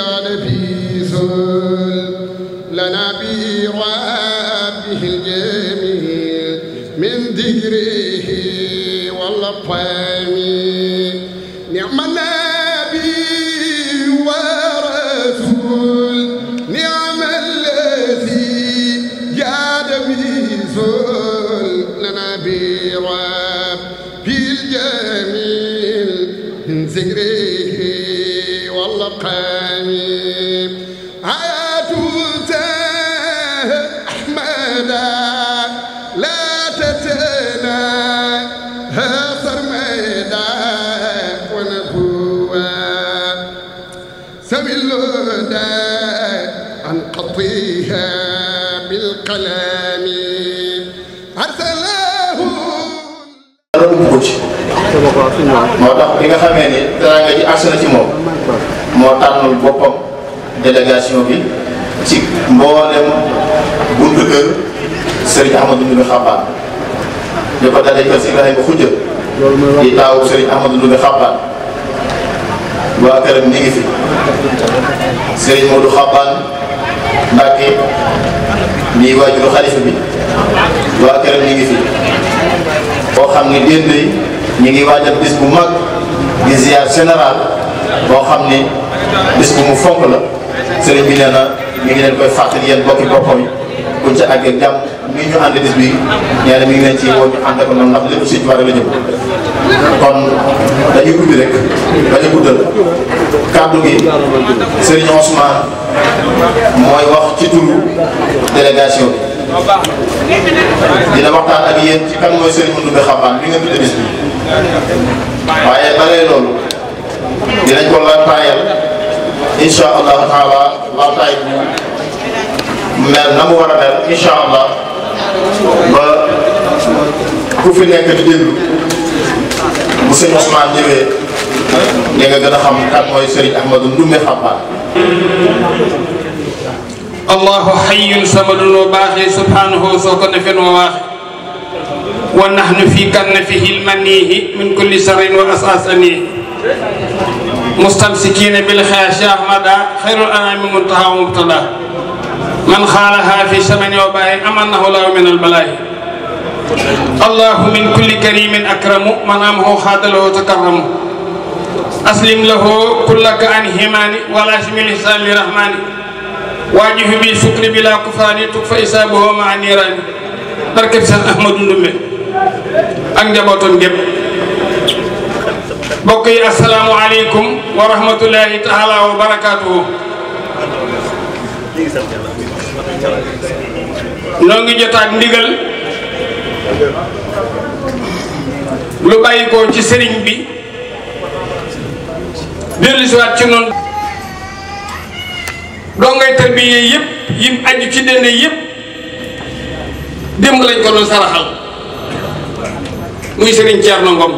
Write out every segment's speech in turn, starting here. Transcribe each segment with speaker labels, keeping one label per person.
Speaker 1: الرجال في سل لنا به رآب به الجميل من ذكره واللطف
Speaker 2: moo tax bi nga xamee ni teraanga ji agsi ci moom moo tànnul boppam délégation bi ci mboolem buntu kër Serigne Ahmadou du Xabbaan di ko dalee kër si Ibrahima Xujja di taawu Serigne Ahmadou Ndoumbe Xabbaan waa këram ñu ngi fi Serigne Modou Xabbaan Mbàkke nii waajuru xalifa bi waa këram ñu ngi fi koo xam ni déet ñu ngi waajal bis bu mag di ziar général boo xam ni bis bu mu fonk la sëriñ bi nee na mi ngi leen koy fàttali yéen bokki boppam yi buñ ca àggee jàmm mi ñu ànd bis bi nee na mi ngi leen ci woo ñu ànd ak noonu ndax lépp suñ a la jëm kon dañuy ubbi rek bañ a guddal kàddu gi sëriñ Ousmane mooy wax ci turu délégation bi dina waxtaan ak yéen ci kan mooy sëriñ Moundoumbe Xabane mi nga tudde bis waaye balee loolu dinañ ko laltaayal incha allahu taala laltaay mel a mel ku fi nekk di déglu bu sëñ Ousmane ñëwee li nga gën a xam kat mooy sëriñ Ahmadou Ndoumbé Xabbaan allahu wa baaxee subhanahu wa waaxee
Speaker 3: wa nahnu fi kannatihi lmanihi min kulli sharrin wa asasanihi mustamsikina bil xeex Cheikh Ahmada xayrul anami muntaha wa mubtada man xaalaha fi samani wa baayin amanahu lahu min albalaayi allahu min kulli karimin akramu man amahu xaadalahu takarramu aslim lahu kullaka an himaani wala simil hisan li rahmaani waajihu bi sukri bila kufraani tug fa isaabuhu maa niraani barkat Sëñ Ahmadu Ndumbe ak njabootoon gépp mbokk yi asalaamualeykum wa rahmatullahi taala wa barakaatuhu noo ngi jotaat ndigal lu bàyyikoo ci sëriñ bi dellusiwaat ci noonu doo ngay tarbiyee yëpp yim aju ci dende yëpp démb lañ ko doon saraxal muy Serigne Thierno Ngom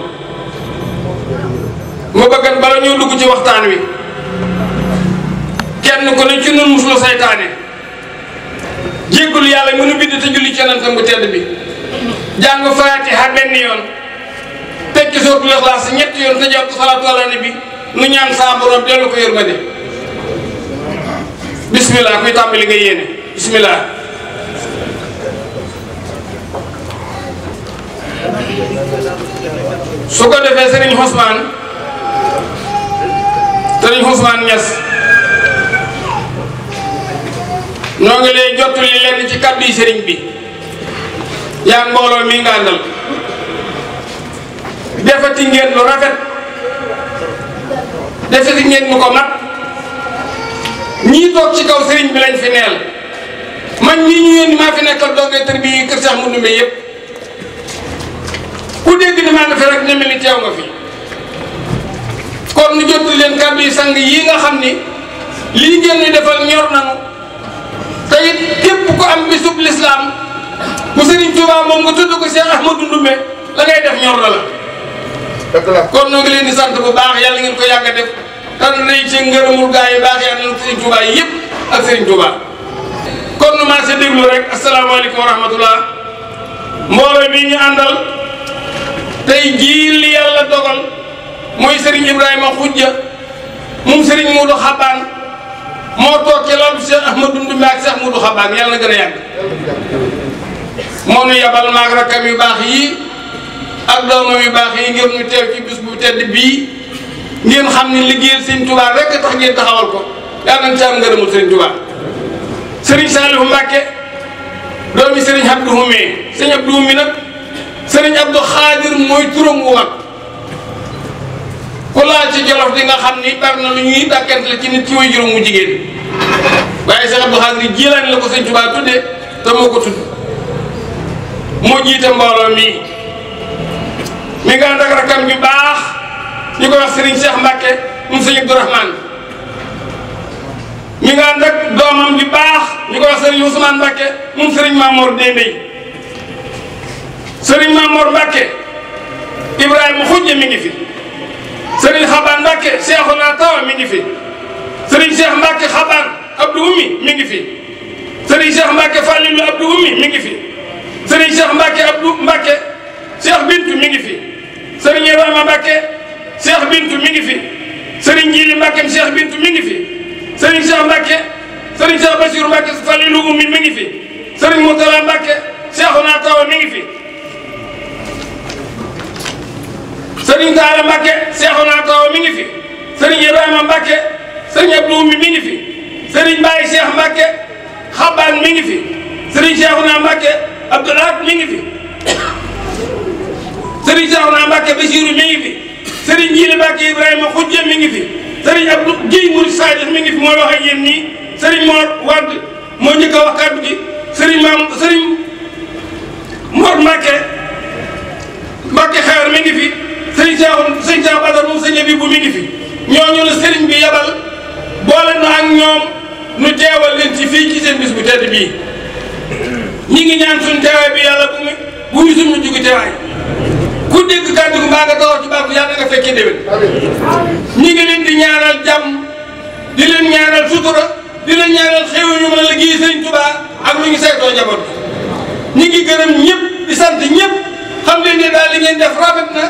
Speaker 3: ma bëggan bala ñoo dugg ci waxtaan wi kenn ku ne ci nun musula saytaane jéggul yàlla mënu bind te julli ci yonentam bu tedd bi jàng fatiha benn yoon tekki sootu lixlaas ñetti yoon te jàpp salaatu ala nabi nu ñaan saa borom dellu ko yërmande bismillah kuy tàmbali nga yéene bismillah su ko defee Serigne Ousmane Serigne Ousmane Niass ñoo ngi lay jottali lenn ci kàddu sëriñ bi yaa mbooloo mi nga àndal defati ngeen lu rafet defati ngeen ñu ko mat ñii toog ci kaw Serigne bi lañ fi neel man ñii ñu yéen maa fi nekk doog ay tër bi kër Cheikh Mounou yëpp. ku dégg ni maa nga fi rek ne ni teew nga fi kon nu jotul leen kàddu yi sang yi nga xam ni lii ngeen di defal ñor nañu te it am bisub lislaam bu Serigne ko Cheikh Ahmadou Ndoumbe ngay def ñor na la. kon noo ngi leen di sant bu baax yàlla ngeen ko yàgg def tan lay ci ngërëmul gaa yi baax yàlla na Serigne Touba yi yëpp ak Serigne Touba. kon nu maa sa déglu rek asalaamaaleykum wa rahmatullah mbooloo bi ñu àndal. tey jii li yàlla dogal mooy Serigne Ibrahima Khoudia moom Serigne Modou Xabaan moo toog ci loolu Cheikh Ahmadou Ndoumbé ak Cheikh Modou Xabaan yàlla na gën a yàgg. moo nu yabal maag rakkam yu baax yi ak doomam yu baax yi ngir ñu teew ci bis bu tedd bii ngeen xam ne liggéeyal Serigne Touba rek tax ngeen taxawal ko yàlla nañ ci am ngërëmul Serigne Touba Serigne Saliou Mbacke doomi Serigne Abdou Houmé Serigne Abdou Houmé nag. sëriñ Abdou Khadir mooy turam wu mag ku laal ci jolof di nga xam ni bari ñuy dàkkante la ci nit ci way juróom mu jigéen waaye sëriñ Abdou Khadir jilaan la ko sëñ Tuubaa tudde te moo ko tudd moo jiite mbooloo mi mi nga ànd ak bi baax ñu koy wax sëriñ Cheikh Mbacke moom sëñ Abdourahmane mi nga ànd doomam bi baax ñu koy wax sëriñ Ousmane Mbacke moom sëriñ Mamour Dendey sëriñ Mamour Mbacke Ibrahima Xujje mi ngi fi sëriñ Xabaan Mbacke Seexuna Tawa mi ngi fi sëriñ Cheikh Mbacke Xabaan Abdou Oumy mi ngi fi sëriñ Cheikh Mbacke Fallilu Abdou Oumy mi ngi fi sëriñ Cheikh Mbacke Abdou Mbacke Cheikh Bintu mi ngi fi sëriñ Ibrahima Mbacke Cheikh Bintu mi ngi fi sëriñ Jiili Mbacke Cheikh Bintu mi ngi fi sëriñ Cheikh Mbacke sëriñ Cheikh Bachir Mbacke Fallilu Oumy mi ngi fi sëriñ Moutala Mbacke Seexuna Tawa mi ngi fi sëriñ Saara Mbacke Seexuna Taw mi ngi fi sëriñ Ibrahima Mbacke sëriñ Abdou mi mi fi sëriñ Baye Cheikh Mbacke mi ngi fi sëriñ Seexuna Mbacke Abdoulaat mi ngi fi sëriñ Seexuna Mbacke Basiiru mi ngi fi sëriñ Jiili Mbacke Ibrahima Xujja mi ngi fi sëriñ Abdou Guèye Mouride mi ngi fi mooy wax nii sëriñ Mor Wade moo njëkk a gi sëriñ maam sëriñ Mor Mbacke Mbacke Xewar mi ngi fi. sëriñ Cheikh sëriñ Cheikh Badar moom bi bu mi ngi fi ñooñu sëriñ bi yabal boole na ak ñoom nu teewal leen ci fii ci seen bis bu tedd bii ñi ngi ñaan suñu teewaay bi yàlla bu mu bu ñu teewaay ku dégg kàddu gu mbaa nga taxaw ci baax yàlla nga fekkee déwén ñi ngi leen di ñaanal jàmm di leen ñaanal sutura di leen ñaanal xew ñu mën a liggéey sëriñ Tuubaa ak lu ñu seetoo njaboot ñi ngi gërëm ñëpp di sant leen ne daal li ngeen def na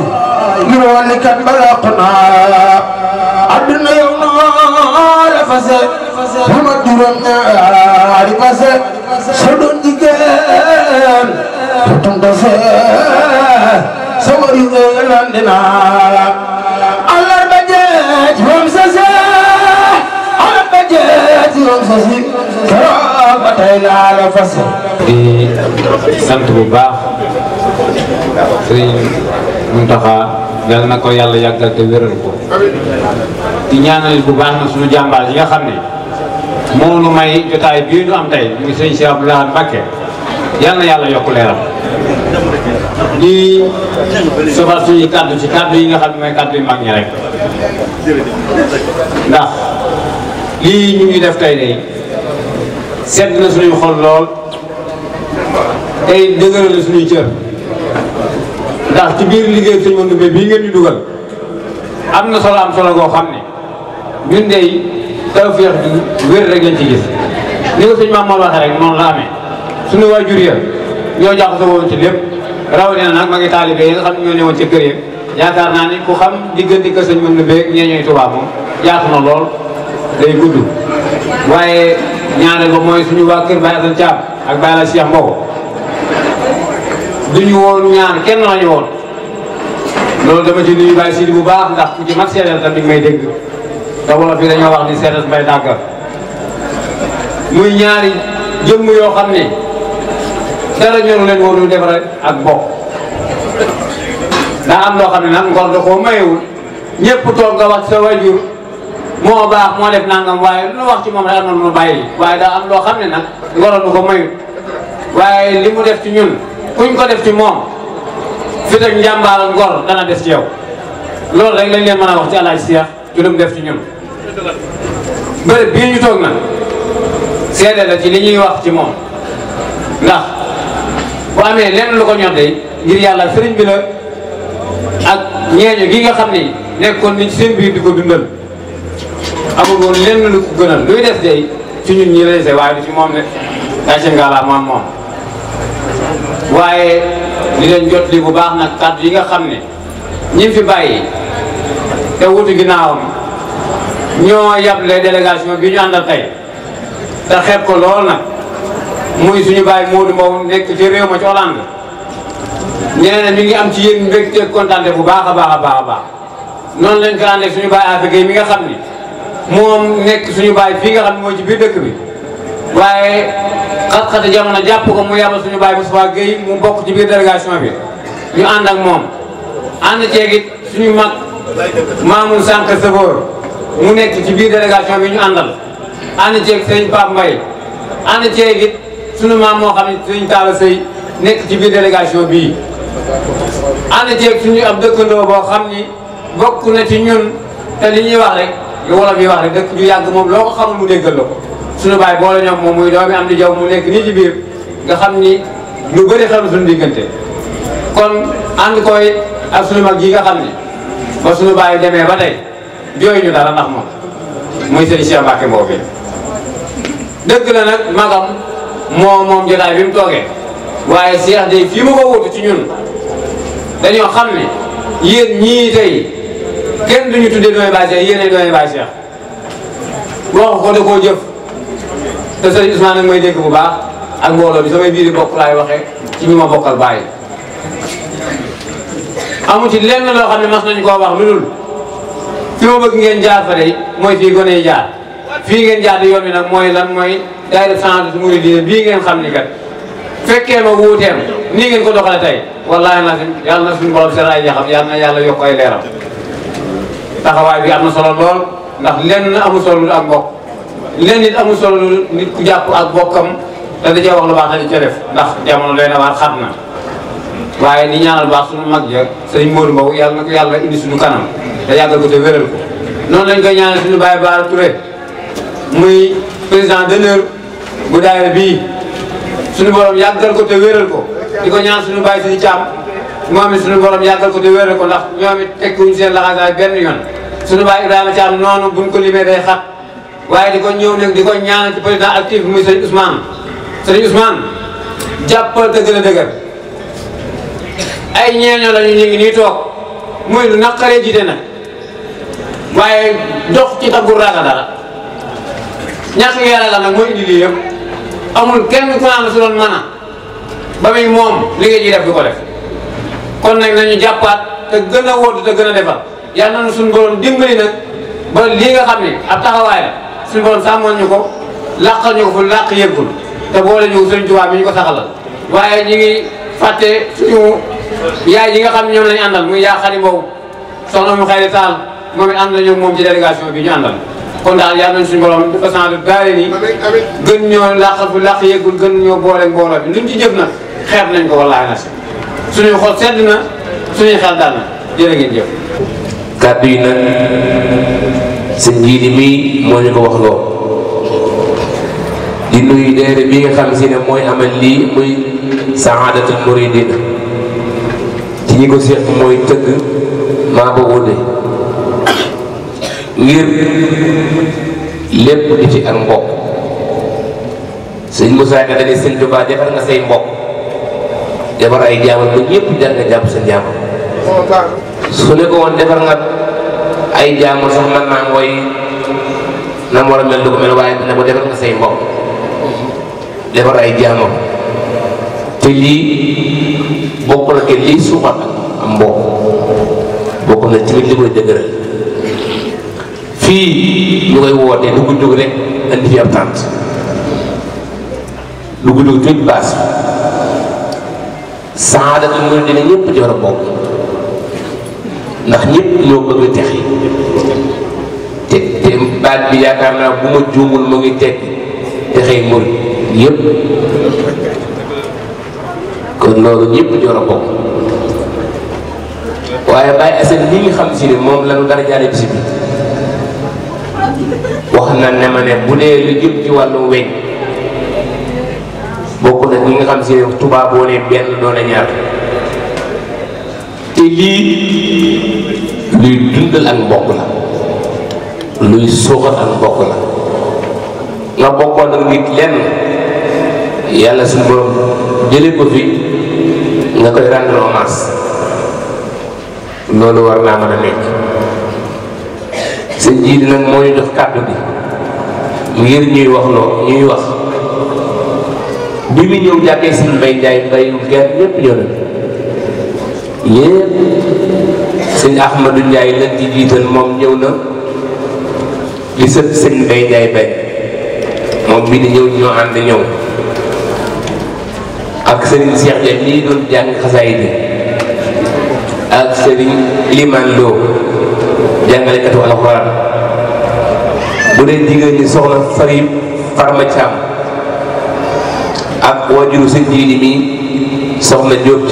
Speaker 3: baay li walikan balaqna adduna yow noo la fase bu ma juróom ñaari fase soo doon
Speaker 4: jigéen tutum dose sa wari landina allar ba jeej moom sase
Speaker 5: allar ba jeej moom sase keroog ba tey laa la fase di sant bu baax sëriñ Muntaxa yal na ko yàlla yàggal te wéral ko di ñaanal bu baax na suñu jàmbaar yi nga xam ne moo nu may jotaay bii ñu am tey muy sëñ yàlla yokk leeram di sobal suñu kàddu ci kàddu yi nga xam ne mooy kàddu mag ñi rek ndax lii ñu ngi def tey day sedd na suñuy xol lool tey dëgëral suñuy cër ndax ci biir liggéey sëñ Mandoumbe bii ngeen di dugal am na solo am solo goo xam ne ñun dey tawféex du wér rek lañ ci gis ni ko sëñ Mamour waxee rek noonu la amee suñu waajur ya ñoo jaxasoo woon ci lépp rawatina nag ma ngi taalibe yi nga xam ne ñoo newoon ci kër yi yaakaar naa ni ku xam diggante kër sëñ Mandoumbe ak ñee ñooy Tuubaa moom yaatu na lool day gudd waaye ñaareel ba mooy suñu waa kër Baye Assane Thiam ak Baye la Cheikh Mbow duñu woon ñaan kenn lañu woon loolu dama ci nuyu Baye Sidi bu baax ndax ku ci mag séeréer tamit may dégg te wolof yi dañoo wax ni séeréer mbay dàggal muy ñaari jëmm yoo xam ne dara ñoru leen woon lu def rek ak bokk daa am loo xam ne nag ngor da koo mayewul ñëpp toog nga wax sa wajur moo baax moo def nangam waaye lu wax ci moom rek am na lu mu bàyyi waaye daa am loo xam ne nag ngoro du ko mayut waaye li mu def ci ñun kuñ ko def ci moom fit ak njàmbaar ak ngor dana des ci yow loolu rek lañ leen mën a wax ci alaaj Seex ci lu mu def ci ñun bërëb bii ñu toog na seede la ci li ñuy wax ci moom ndax bu amee lenn lu ko ñoddee ngir yàlla sëriñ bi la ak ñeeñu gi nga xam ni nekkoon ni ci seen biir di ko dundal amul woon lenn lu ko gënal luy des day ci ñun ñi lay waaye du ci moom ne daa ci ngaalaa moom moom waaye di leen jot li bu baax nag kàddu yi nga xam ni ñi fi bàyyi te wutu ginnaawam ñoo yable délégation bi ñu àndal tey te xeeb ko lool nag muy suñu bàyyi Modou Mbow nekk ci réew ma ci Hollande ñeneen ne ngi am ci yéen mbégte kontaante bu baax a baax a baax a baax noonu lañ ko àndee suñu bàyyi Afrique mi nga xam ni moom nekk suñu bàyyi fii nga xam ne mooy ci biir dëkk bi waaye xat-xati jamono jàpp ko mu yabal suñu baay Moussa Gueye mu bokk ci biir délégation bi ñu ànd ak moom ànd ceeg suñu mag Mamour Sànq Sëfoor mu nekk ci biir délégation bi ñu àndal ànd ceeg sëñ Pape Mbaye ànd ceeg it suñu maam moo xam ne sëñ Talla Sëy nekk ci biir délégation bii ànd ceeg suñu ab dëkkandoo boo xam ni bokk na ci ñun te li ñuy wax rek lu wolof yi wax rek dëkk ju yàgg moom loo ko xamul mu déggaloo suñu baay boole ñoom moom muy doomi am di jaw mu nekk nii ci biir nga xam ni lu bëri xel suñu diggante kon ànd suñu mag yi nga xam ne ba suñu baay demee ba tey jooy ñu dara nax moom muy sëriñ Cheikh Mbacke Mbow dëgg la nag magam moo moom jotaay bi mu toogee waaye Cheikh day fii mu ko wutu ci ñun dañoo xam ni yéen ñii tey kenn duñu tuddee doomi baay Cheikh yéen ay doomi baay Cheikh wax ko da koo jëf te sëriñ Ousmane nag may dégg bu baax ak mbooloo bi samay biiri bokk laay waxee ci ñi ma bokkal bàyyi amu ci lenn loo xam ne mas nañ koo wax lu dul fi ma bëgg ngeen jaar fa de mooy fii gone yi jaar fii ngeen jaar li yoon bi nag mooy lan mooy daayira Sahaadatul Muridiin bii ngeen xam ni kat fekkee ma wuuteem nii ngeen ko doxale tey wallaahi na yàlla na suñu borom ay ñaxam yàlla na yokk ay leeram taxawaay bi am na solo lool ndax lenn amul solo lu ak mbokk leen nit amul solo loolu nit ku jàpp ak bokkam te da cee wax lu baax dañ ca def ndax jamono doy a waar xat na waaye ni ñaanal baax suñu mag ja sëñ Modou Mbow na ko yàlla indi suñu kanam te yàggal ko te wéral ko noonu lañ koy ñaanal suñu Baye Bara Touré muy président d'honneur bu daayira bii suñu ko te ko di ko ñaan suñu Baye suñu Caam moom it suñu borom yàggal ko te wéral ko ndax ñoom it tekkuñ seen laxaasaay suñu Baye Ibrahima Caam noonu buñ ko limee day waaye di ko ñëw nag di ko ñaanal ci président actif muy sëriñ Ousmane sëriñ Ousmane jàppal te gën a dëgër ay ñeeño lañu ñu ngi nii toog muy lu naqaree jiite nag waaye dox ci taggur raaka dara ñàkk yàlla la nag mooy indi lii yëpp amul kenn ku naan su doon mën a ba muy moom li nga ji def du ko def kon nag nañu jàppaat te gën a wóotu te gën a defal yàlla na suñu borom dimbali nag ba lii nga xam ne ab taxawaay la suñu borom sàmmal ñu ko làqal ñu ko fu làq yëggul te boole ñu sëriñ Tuubaa mi ñu ko saxalal waaye ñu ngi fàtte suñu yaay yi nga xam ne ñoom la ñu àndal muy yaa xari mbow soxna mu xayri taal moom it ànd nañu moom ci délégation bi ñu àndal kon daal yaa nañ suñu borom dafa sant baale ni gën ñoo làqal fu làq yëggul gën ñoo boole mbooloo bi luñ ci jëf na xeer nañ ko wallaahi na si suñuy xol sedd na suñuy xel daal na jërë
Speaker 6: ngeen jëf sëñ jiidi mii moo ñu ko wax loo di nuyu daayira bi nga xam si ne mooy amal lii muy saadatul muridina ci ñi ko seq mooy tëgg maa ko wute ngir lépp di ci ak mbokk sëñ Moussa Ka dañuy sëñ Tuubaa defar nga say mbokk defar ay jaamam ba ñëpp jar nga jàpp sa jaamam su ne ko defar nga ay jaamu sax mën naa mooy na mu war a mel du waaye dina ko defar nga say mbokk defar ay jaamam te lii bokk na ke lii suuxat am mbokk na ci li koy fii ñu koy woote dugg-dugg rek andi fi ab tànt dugg-dugg baas saada du dina ñëpp ci war a ndax ñépp ñoo bëgg a texi te te baat bi yaakaar naa bu ma juumul mu ngi teg texey mur yëpp kon loolu ñëpp ñoo la bokk waaye Baye Assane li nga xam si ne moom lañu dara jaare bisi bi wax na ne ma ne bu dee lu jëm ci wàllu weñ bokk na ñi nga xam si ne tubaaboo ne benn doon a ñaar te lii luy dundal ak mbokk la luy suuxat ak mbokk la nga bokkoon ak nit lenn yàlla suñu borom jëlee ko fi nga koy rendre hommage loolu war naa mën a nekk sëñ jii nag moo jox kàddu bi ngir ñuy wax loo ñuy wax bi mu ñëw jàkkee suñu mbay njaay mbayum gerte ñëpp ñëw yépp sëñ Ahmadou Ndiaye lan di moom ñëw na li sëb sëñ Mbaye Ndiaye bañ moom bii di ñëw ñoo ànd ñëw ak sëriñ Cheikh Dia ñii doon jàng xasaay bi ak sëriñ Liman Lo jàngalekatu alxuraan bu dee jigéen ñi soxna Farim Farma Thiam ak waajuru sëñ jii di mii soxna Diop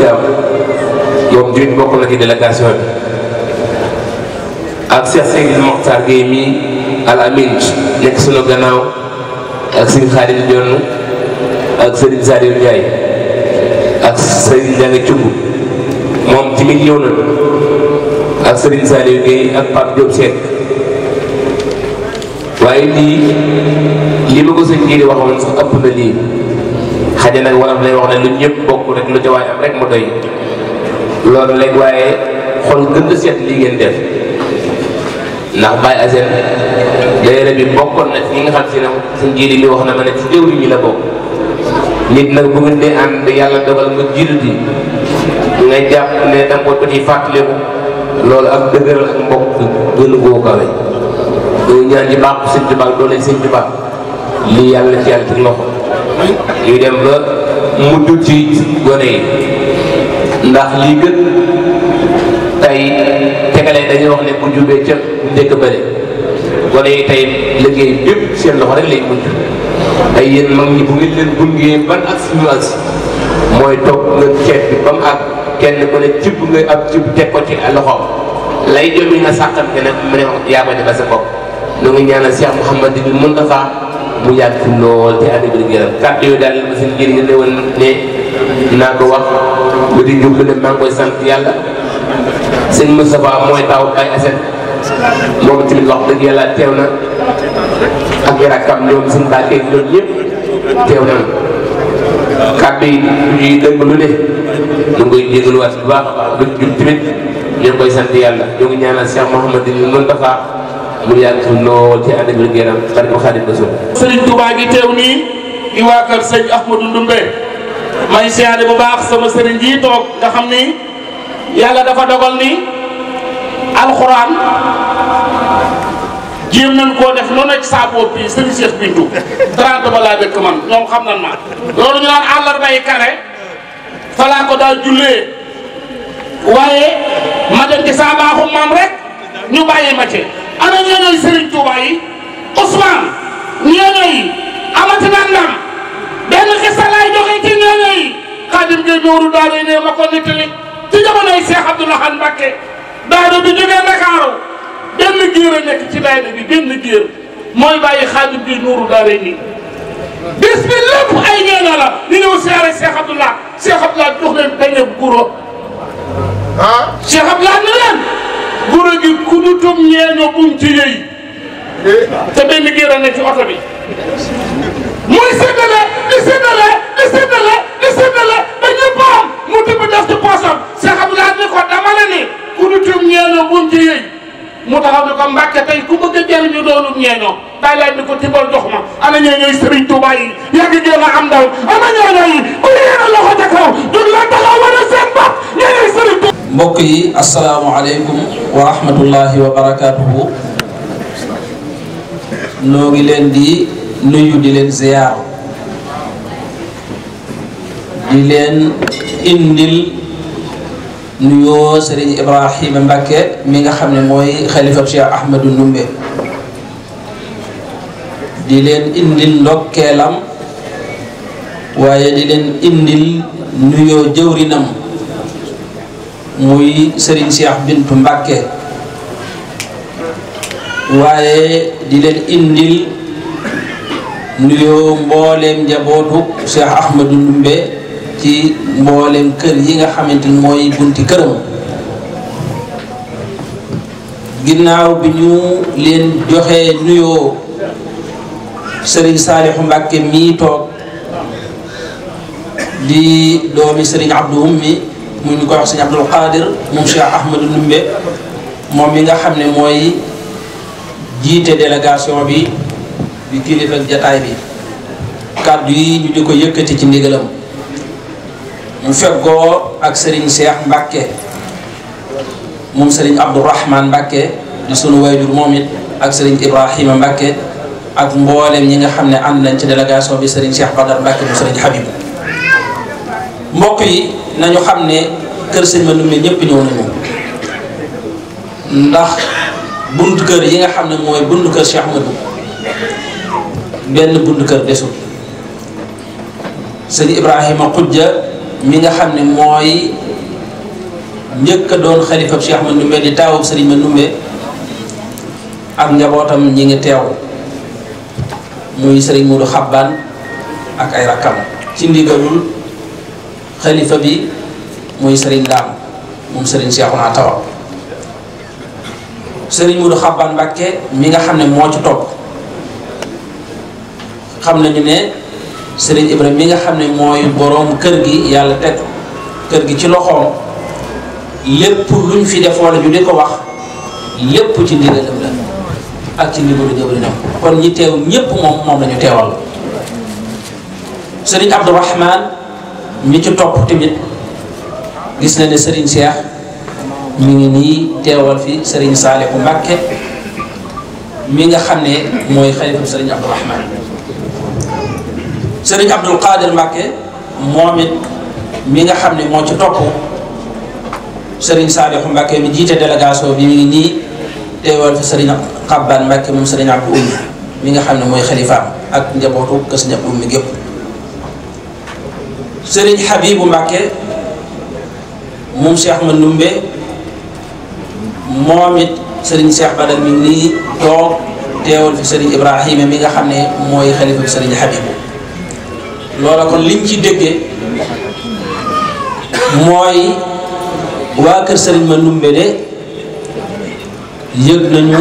Speaker 6: yow juñ bokk na ci délégation bi ak Cheikh Seydou Mokhtar Gueye mii al amin nekk sunu gannaaw ak sëñ Khalil Dione ak Serigne Saliou Ndiaye ak Serigne Ndiaye Thioub moom tamit ñëw na ak Serigne Saliou Gueye ak Pape Diop Seck waaye lii li ma ko sëñ Gueye waxoon sax ëpp na lii xaja nag waram lay wax ne lu ñëpp bokk rek lu jawaay am rek mu doy. loolu léegi waaye xol gën a seet lii ngeen def ndax Baye Assène daayira bi bokkoon na ñi nga xam si ne suñ jiiri bi wax na ma ne si jëwri ñi la bokk nit nag bu ngeen di ànd yàlla dogal nga jiitu nga jàpp ne da nga ko ci fàttaliku loolu ak dëgëral ak mbokk gënu koo kawe doo ñaan ji baax sëñ bi baax doo leen sëñ bi yàlla ci yàlla ci loxo ñu dem ba mujj ci gone yi ndax lii gën tey tegalee dañuy wax ne bu jubee ca ndékk bëri gone tey liggéey bépp seen loxo rek lay mujj ay yéen mag ñi bu ngeen leen gungee ban ak influence mooy toog ngeen ceeb bi ba mu kenn ku ne cib nga ab cib teg ko ci loxoom lay jommi na sàqam te nag mu ne wax yaa koy defal sa bopp lu ngi ñaanal Cheikh mun na faa mu yàgg fi lool te ànd bi yaram kàddu yooyu daal ne naa ko wax bu di jublu ne maa ngi koy sant yàlla sëñ Moustapha mooy taw ay aset moom tamit wax dëgg yàlla teew na ak i rakkam ñoom sëñ Bakay ñoom ñëpp teew na kàddu yi ñuy dëng lu ne ñu koy jégaluwaat bu baax bu jub tamit ñu ngi sant yàlla ñu ngi ñaanal Cheikh Mouhamadou Moustapha mu yàgg suñu lool ci ànd ak wér-gu-yaram bari ko Xaadim teew nii di waa kër sëñ Ahmadou Ndoumbe. may
Speaker 3: siyaare bu baax sama sëriñ ji toog nga xam ni yàlla dafa dogal ni alxuraan jéem nañ koo def noonu ak saa bopp bi sëriñ Cheikh Bintou ba laa dëkk man moom xam nañ ma loolu ñu naan àllarbay kare fa ko daal jullee waaye ma dem ci saa baaxu rek ñu bàyyi ma ci ana ñeneen sëriñ Touba yi Ousmane ñeneen yi amati naan Nuuru Daara ne ma ko nettali ci jamonoy Cheikh Abdoul Ahad Mbacké daara bi jógee Ndakaaru benn géer a nekk ci daayira bi benn géer mooy bàyyi xaadim bi Nuuru Daara nii bis ay ñeena la ñu ñëw siyaare Cheikh Abdoul Ahad Cheikh jox leen dañu guro ah Cheikh Abdoul Ahad ne leen guro gi ku dutum ñeena bum ci yëy eh? te benn géer a nekk ci oto bi muy séddale di séddale di séddale di séddale def ci poosam Cheikh ko dama la ni ku mu taxaw ne ko ku bëgg a jëriñu doonul ñeeñoo bàyyi laaj ni ko tibal dox ma ana ñeeñooy Serigne Touba yi am ndaw ana ñeeñoo yi ku yéen a loxo
Speaker 7: ca du la taxaw wala seen bopp ñeeñooy Serigne Touba
Speaker 4: mbokk yi asalaamaaleykum wa rahmatullahi wa barakaatuhu noo ngi leen di nuyu di leen ziyaar di leen indil nuyoo Serigne Ibrahima Mbacke mi nga xam ne mooy xalifab Cheikh Ahmadou Ndoumbé di leen indil ndokkeelam waaye di leen indil nuyoo jëwrinam muy sëriñ Cheikh Bintu Mbacke waaye di leen indil nuyoo mbooleem njabootu Cheikh Ahmadou Ndoumbé ci mboolem kër yi nga xamante ni mooy bunti këram ginnaaw bi ñu leen joxe nuyoo sëriñ Saalixu Mbàkke mii toog di doomi sëriñ Abdou Ummi mu ñu koy wax sëriñ Abdul Qadir moom Cheikh Ahmadou Ndumbe moom mi nga xam ne mooy jiite délégation bi bi kilifa jataay bi kàddu yi ñu di ko yëkkati ci ndigalam ñu feggoo ak sëriñ Cheikh Mbacke moom sëriñ Abdourahman Mbacke di sunu waajur moom it ak sëriñ Ibrahima Mbacke ak mboolem ñi nga xam ne am nañ ci délégation bi sëriñ seex Badar Mbacke bu sëriñ Habib mbokk yi nañu xam ne kër sëñ ma nume ñëpp ñëw ndax buntu kër yi nga xam ne mooy buntu kër Cheikh Madou benn buntu kër desul sëñ Ibrahima xujja mi nga xam ne mooy njëkk a doon xalifab Cheikh Ma Ndumbe di taawub sëriñ Ma Ndumbe ak njabootam ñi ngi teew muy sëriñ Modou Xabbaan ak ay rakkam ci ndigalul xalifa bi muy sëriñ daan moom sëriñ Cheikhouna Tawa sëriñ Modou Xabbaan Mbàkke mi nga xam ne moo ci topp xam nañu ne Serigne Ibrahima mi nga xam ne mooy boroom kër gi yàlla teg kër gi ci loxoom lépp luñ fi def wala ñu di ko wax lépp ci ndigalam la ak ci ndigalu jëwrinam kon ñi teew ñépp moom moom la teewal Serigne Abdou Rahman mi ci topp tamit gis na ni sëriñ Cheikh mu ngi nii teewal fi Serigne bu Mbacké mi nga xam ne mooy xalifa Serigne Abdou sëriñ Abdul Qadir Mbàkke moomit mi nga xam ne moo ci topp sëriñ Saalihu Mbàkke mi jiite délégation bi mi nii teewal fi sëriñ Xabbaan Mbàkke moom sëriñ Abdu Ummi mi nga xam ne mooy xalifa ak njabootu kës ñëpp mi gépp sëriñ Habibu Mbàkke moom Cheikh ma it sëriñ Cheikh Badal mi nii toog teewal fi sëriñ Ibrahima mi nga xam ne mooy xalifa bi sëriñ Habibu loola kon liñ ci dëgge mooy waa kër sëriñ ma numbe yëg nañu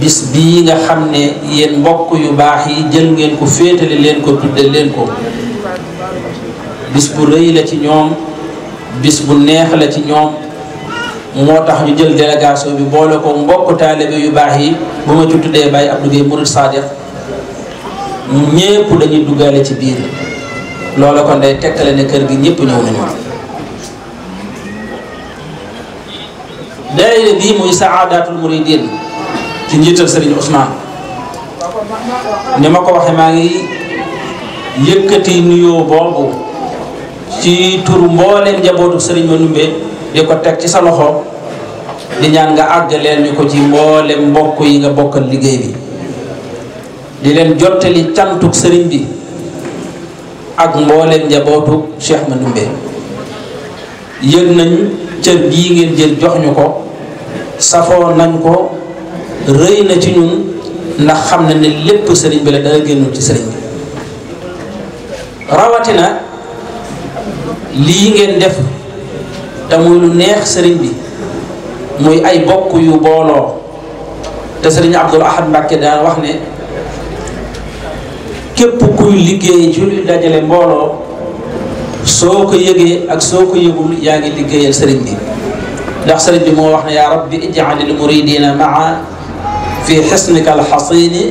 Speaker 4: bis bi nga xam ne yéen mbokk yu baax yi jël ngeen ko féetale leen ko tudde leen ko bis bu rëy la ci ñoom bis bu neex la ci ñoom moo tax ñu jël délégation bi boole ko mbokk taalibe yu baax yi bu ma ci tuddee Baye Abdou Gueye Mouride Sadiq ñépp dañuy duggaale ci biir loola kon day tegtale ne kër gi ñëpp ñëw nañu sa bii muy saadatul muridin ci njiital Serigne Ousmane ni ma ko waxe maa ngi yëkkati nuyoo boobu ci turu mbooleem njabootu Serigne Manoumbé di ko teg ci sa loxo di ñaan nga àggaleel ñu ko ci mbooleem mbokk yi nga bokkal liggéey bi di leen jottali cantuk sëriñ bi. ak mbooleem njabootu Cheikh Mandoumbe yëg nañ cër bii ngeen jël jox ñu ko safoo nañ ko rëy na ci ñun ndax xam na ne lépp sëriñ bi la dara génnul ci sëriñ bi rawatina lii ngeen def te muy lu neex sëriñ bi muy ay bokk yu booloo te sëriñ Abdul Ahad Mbàkke daan wax ne képp kuy liggéey ci luy dajale mbooloo soo ko yëgee ak soo ko yëgul yaa ngi liggéeyal sëriñ bi ndax sëriñ bi moo wax ne yaa rabbi ij'alil muridina maa fi xisnika alxasini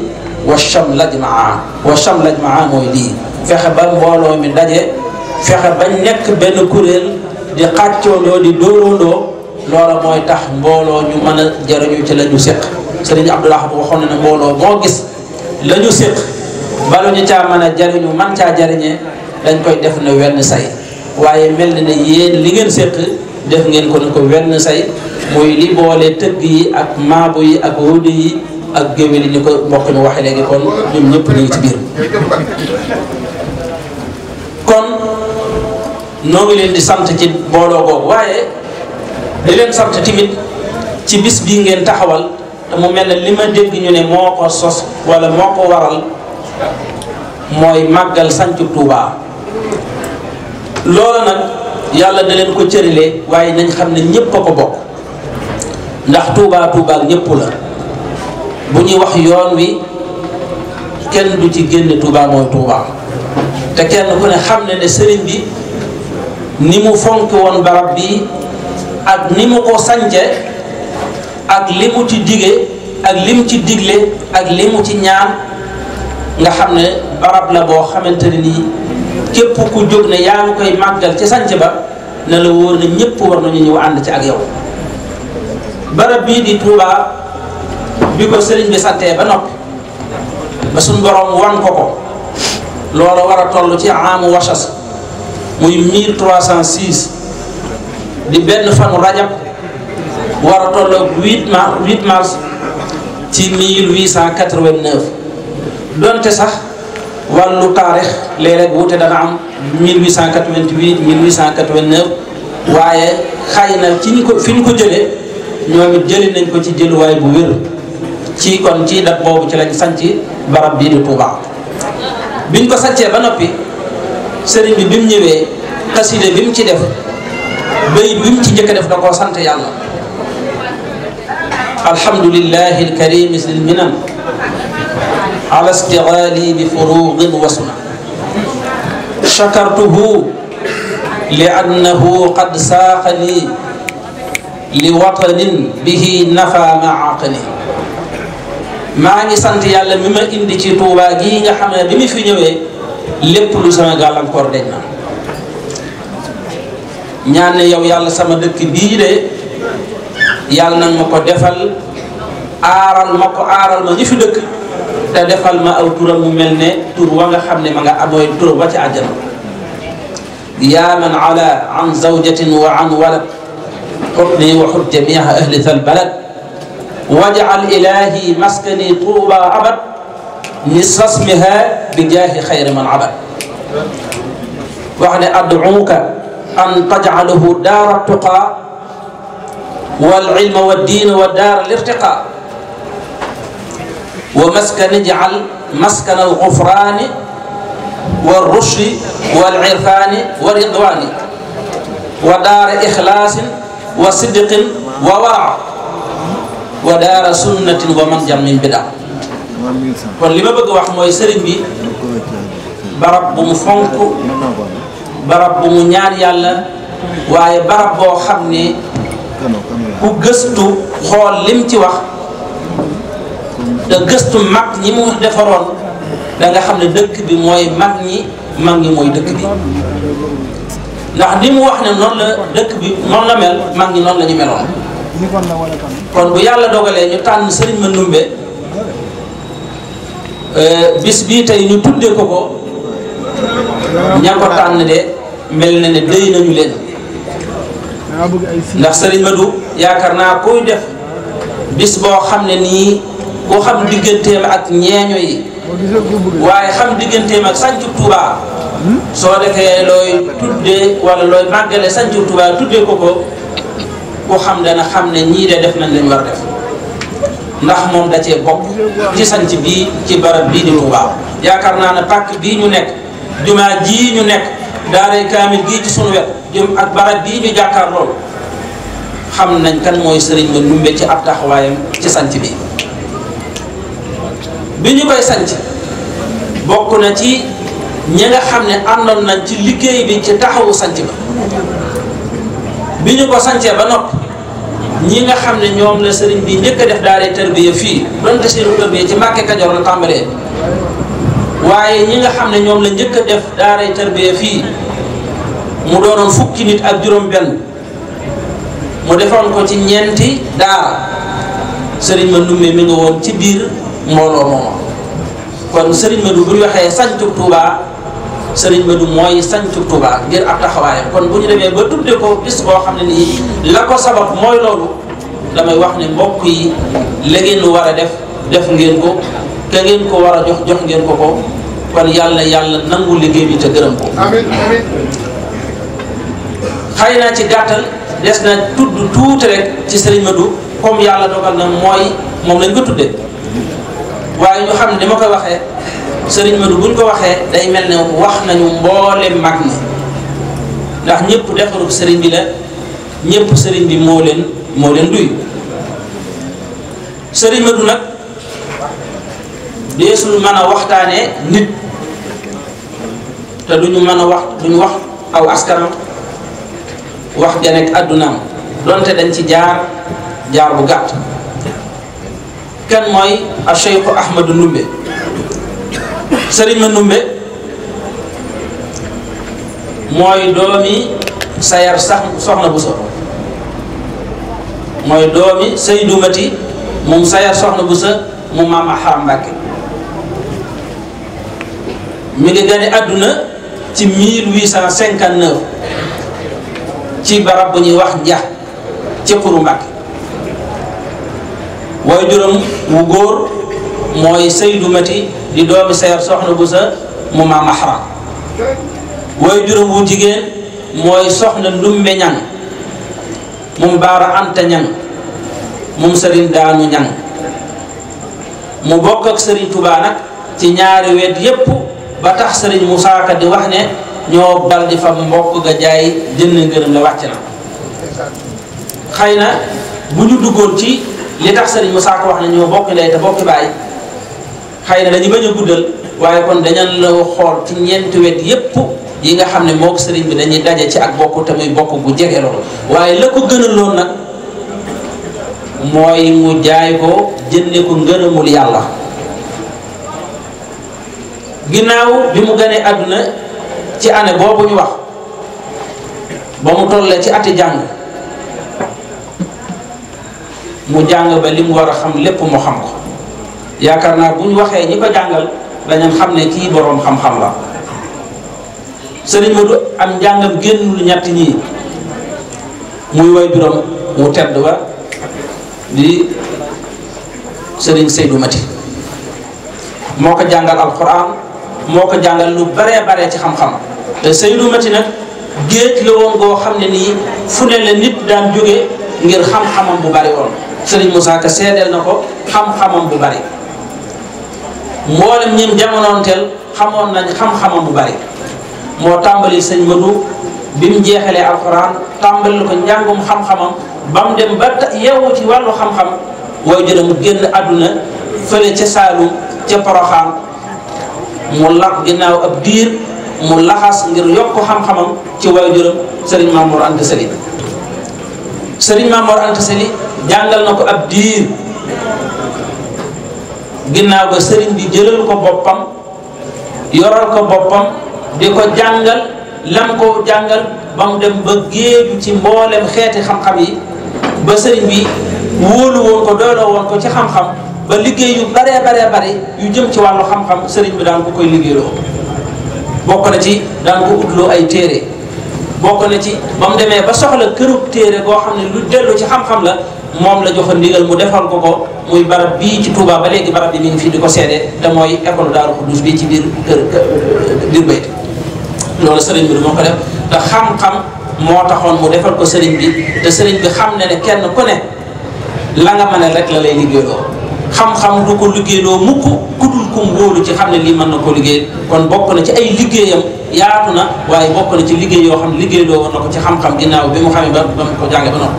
Speaker 4: wa shamlaj maa wa shamlaj maa mooy lii fexe ba mbooloo mi daje fexe ba nekk benn kuréel di xàccoondoo di dóoroondoo loola mooy tax mbooloo ñu mën a jariñu ci la ñu séq sëriñ Abdul Ahad waxoon na mbooloo moo gis la ñu balu ñu caa mën a jariñu man caa jariñe dañ koy def ne wenn say waaye mel na ne yéen li ngeen séq def ngeen ko ne ko wenn say muy li boole tëgg yi ak maabu yi ak wudd yi ak géwél yi ni ko mbokk mi waxe léegi kon ñëpp ñu ngi ci biir noo ngi leen di sant ci booloo googu waaye ci bis bi ngeen taxawal te mu mel ne li ma dégg ñu ne moo ko sos wala moo ko waral mooy màggal sancu Touba loola nag yàlla da leen ko cërilee waaye nañ xam ne ñépp a ko bokk ndax Touba Touba ak ñépp la bu ñuy wax yoon wi kenn du ci génne Touba mooy Touba te kenn ku ne xam ne ne sëriñ bi ni mu fonk woon barab bi ak ni mu ko sance ak li mu ci digee ak li mu ci digle ak li mu ci ñaan nga xam ne barab la boo xamante ne nii képp ku jóg ne yaa ngi koy màggal ci sanc ba na la wóor ne ñëpp war nañu ñëw ànd ci ak yow barab bii di Touba bi ko sëriñ bi santee ba noppi ba suñ borom wan ko ko loolu war a toll ci amu wachas muy 1306 di benn fanu rajab war a toll 8 mars 8 mars ci 1889 donte sax wàllu taarix léeg-léeg wute dana am 1888 1889 waaye xay na ci ñi ko fi ñu ko jëlee ñoo it jëli nañ ko ci jëluwaay bu wér ci kon ci dat boobu ci lañ sanc barab bii di Touba biñ ko saccee ba noppi sëriñ bi bi mu ñëwee xaside bi mu ci def béy bi mu ci jëkk def da koo sant yàlla alhamdulillahi alkarim sil minan على اشتغالي بفروض وسنن شكرته لأنه قد ساقني لوطن به نفى معاقني maa ngi sant yàlla mi ma indi ci Tuubaa gii nga xam ne bi fi ñëwee lépp lu sama gàllankoor deñ na ñaan ne yow yàlla sama dëkk bii de yàlla nag ko defal aaral ma ko fi dëkk te defal ma aw turam mu mel ne tur wa nga xam ne ma nga amooy turam wa ca àjjana yaa man ala an zawjatin wa an walad xutni wa xut jamiha ahli thal balad wajal ilahi maskani tuuba abad nisasmiha bi jaahi xayri man abad wax ne adcuuka an tajcalahu daara tuqaa wal ilma wa diina wa daara lirtiqaa wa maskan ij'al maskan al-ghufrani wa rushdi wal irfani wa ridwani wa daara ikhlaasin wa sidqin wa wara wa daara sunnatin wa man jam min bida kon li ma bëgg wax mooy sëriñ bi barab bu mu fonk barab bu mu ñaan yàlla waaye barab boo xam ne ku gëstu xool lim ci wax te gëstu mag ñi mu defaroon da nga xam ne dëkk bi mooy mag ñi mag ñi mooy dëkk bi ndax li mu wax ne noonu la dëkk bi noonu la mel mag ñi noonu la ñu meloon kon bu yàlla dogalee ñu tànn Serigne Mandoumbe euh, bis bii tey ñu tuddee ko ko ña ko tànn de mel na ne déy nañu leen ndax Serigne Madou yaakaar naa kuy def bis boo xam ne nii ku xam digganteem ak ñeeño yi waaye xam digganteem ak sanc Touba soo defee looy tuddee wala looy màggale sanc Touba tuddee ko ko ku xam dana xam ne ñii de def nañ lañ war def ndax moom da cee bokk ci sanc bii ci barab bii di Touba yaakaar naa ne pàkk bii ñu nekk jumaa jii ñu nekk daaray kaamil gii ci sunu wet jëm ak barab bii ñu jàkkaar lool xam nañ kan mooy sëriñ ba numbe ci ab taxawaayam ci sanc bi bi ñu koy sanc bokk na ci ñi nga xam ne àndoon nañ ci liggéey bi ci taxawu sanc ba bi ñu ko sancee ba noppi ñi nga xam ne ñoom la sëriñ bi njëkk a def daaree tërbiya fii donte ci Mbàkke Kajoor la waaye ñi nga xam ne ñoom la njëkk a def daaree fii mu doonoon fukki nit ak juróom-benn mu defoon ko ci ñeenti daara sëriñ ma Ndumbe mi nga woon ci biir. mbooloo mooma kon sëriñ Madou bu ñu waxee sancub Touba sëriñ Madou mooy sancub Touba ngir ab taxawaayam kon bu ñu demee ba tudde ko bis boo xam ne nii la ko sabab mooy loolu damay wax ne mbokk yi la ngeen lu war a def def ngeen ko ka ngeen ko war a jox jox ngeen ko ko kon yàlla yàlla nangu liggéey bi te gërëm ko
Speaker 1: amiin amiin
Speaker 4: xëy naa ci gàttal des na tudd tuuti rek ci sëriñ Madou comme yàlla dogal na mooy moom lañ ko tudde waaye ñu xam di ma ko waxee sëriñ Madou buñ ko waxee day mel ne wax nañu mboolem mag ñi ndax ñëpp defarub sëriñ bi la ñëpp sëriñ bi moo leen moo leen duy sëriñ Madou nag deesul mën a waxtaanee nit te lu ñu mën a wax duñu wax aw askanam wax ja nekk àddunaam donte dañ ci jaar jaar bu gàtt kan mooy a Cheikh Ahmadou Ndoumbé Serigne Ndoumbé mooy doomi Sayar sax soxna Buso mooy doomi Seydou Mati moom Sayar soxna Buso mu maam Axaram Mbàkke mi ngi gane àdduna ci 1859 ci barab bu ñuy wax Njax ci Xuru Mbàkke waajuram wu góor mooy saydu mati di doomi seer soxna bu sa mu maam ahra waajuram wu jigéen mooy soxna ndumbe ñang moom baara anta ñang moom sëriñ daanu ñang mu bokk ak sëriñ tubaa nag ci ñaari wet yépp ba tax sëriñ Musaa Ka di wax ne ñoo bal fa mbokk ga jaay jënd ngërëm wàcc na xëy na bu ñu duggoon ci li tax sëriñ Moussa ko wax ne ñoo bokki lay te bokki bàyyi xëy na dañu bañ a guddal waaye kon dañu la xool ci ñeenti wet yépp yi nga xam ne moo sëriñ bi dañuy daje ci ak bokk te muy bokk bu jege loolu waaye la ko gënal loolu nag mooy mu jaay ko jënde ko ngërëmul yàlla ginnaaw bi mu gënee àdduna ci année boobu ñu wax ba mu tollee ci ati jàng mu jàng ba li mu war a xam lépp mu xam ko yaakaar naa bu ñu waxee ñi ko jàngal dañu xam ne kii boroom xam-xam la sëriñ Modou am njàngam génnul ñetti ñii muy way juróom mu tedd wa di sëriñ Seydou Mati moo ko jàngal alquran moo ko jàngal lu baree baree ci xam-xam te Seydou Mati nag géej la goo xam ne nii fu ne la nit daan jóge ngir xam-xamam bu bari woon Serigne Moussa Ka seedeel na ko xam-xamam bu bari mboolem ñim jamonoonteel xamoon nañ xam-xamam bu bari moo tàmbali sëñ Madou bi mu jeexalee alxuraan tàmbali ko njàngum xam-xamam ba mu dem ba yeewu ci wàllu xam-xam waaye jërëm génn àdduna fële ca Saalum ca Poroxaan mu laq ginnaaw ab diir mu laxas ngir yokk xam-xamam ci waaye jërëm Serigne Mamour Anta Serigne. sëriñ Maam Mor Anta jàngal na ko ab diir ginnaaw ba sëriñ bi jëlal ko boppam yoral ko boppam di ko jàngal lam ko jàngal ba mu dem ba géeju ci mboolem xeeti xam-xam yi ba sëriñ bi wóolu woon ko doyloo woon ko ci xam-xam ba liggéey yu baree baree bare yu jëm ci wàllu xam-xam sëriñ bi daan ko koy liggéeyloo bokk na ci daan ko utloo ay téere bokk na ci ba mu demee ba soxla kërub téere boo xam ne lu dellu ci xam-xam la moom la joxoon ndigal mu defal ko ko muy barab bii ci Touba ba léegi barab bi mi ngi fii di ko seede te mooy école Daaru Xuddus bi ci biir kër biir bayt loolu sëriñ bi du moo ko def te xam-xam moo taxoon mu defal ko sëriñ bi te sëriñ bi xam ne ne kenn ku ne la nga mën a rek la lay liggéeyloo xam-xam du ko liggéeyloo mukk ku dul kum wóolu ci xam ne lii mën na ko liggéey kon bokk na ci ay liggéeyam yaatu na waaye bokk na ci liggéey yoo xam ne liggéeyloo woon na ko ci xam-xam ginnaaw bi mu xamee ba ba mu ko jànge ba noonu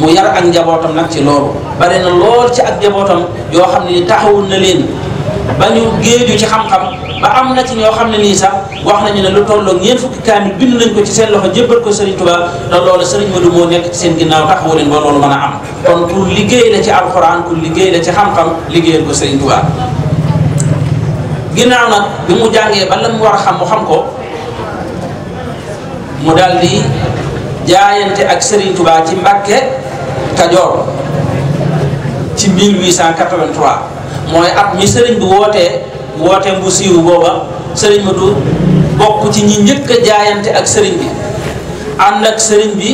Speaker 4: mu yar ak njabootam nag ci loolu bare na lool ci ak njabootam yoo xam ne ni taxawul na leen ba ñu géeju ci xam-xam ba am na ci ñoo xam ne nii sax wax nañu ne lu tollook ñeent fukki kaamil bind nañ ko ci seen loxo jébbal ko Serigne Touba te loolu Serigne Modou moo nekk ci seen ginnaaw taxawu leen mën a am kon pour liggéey la ci alxuraan pour liggéey la ci xam-xam liggéeyal ko Serigne Touba. jàngee ba la war a xam xam ko mu daal di jaayante ak Serigne ci Mbàkke Kajoor ci 1883 mooy at mi Serigne bi wootee. wooteem bu siiw booba sëriñ Modou bokk ci ñi njëkk a jaayante ak sëriñ bi ànd ak sëriñ bi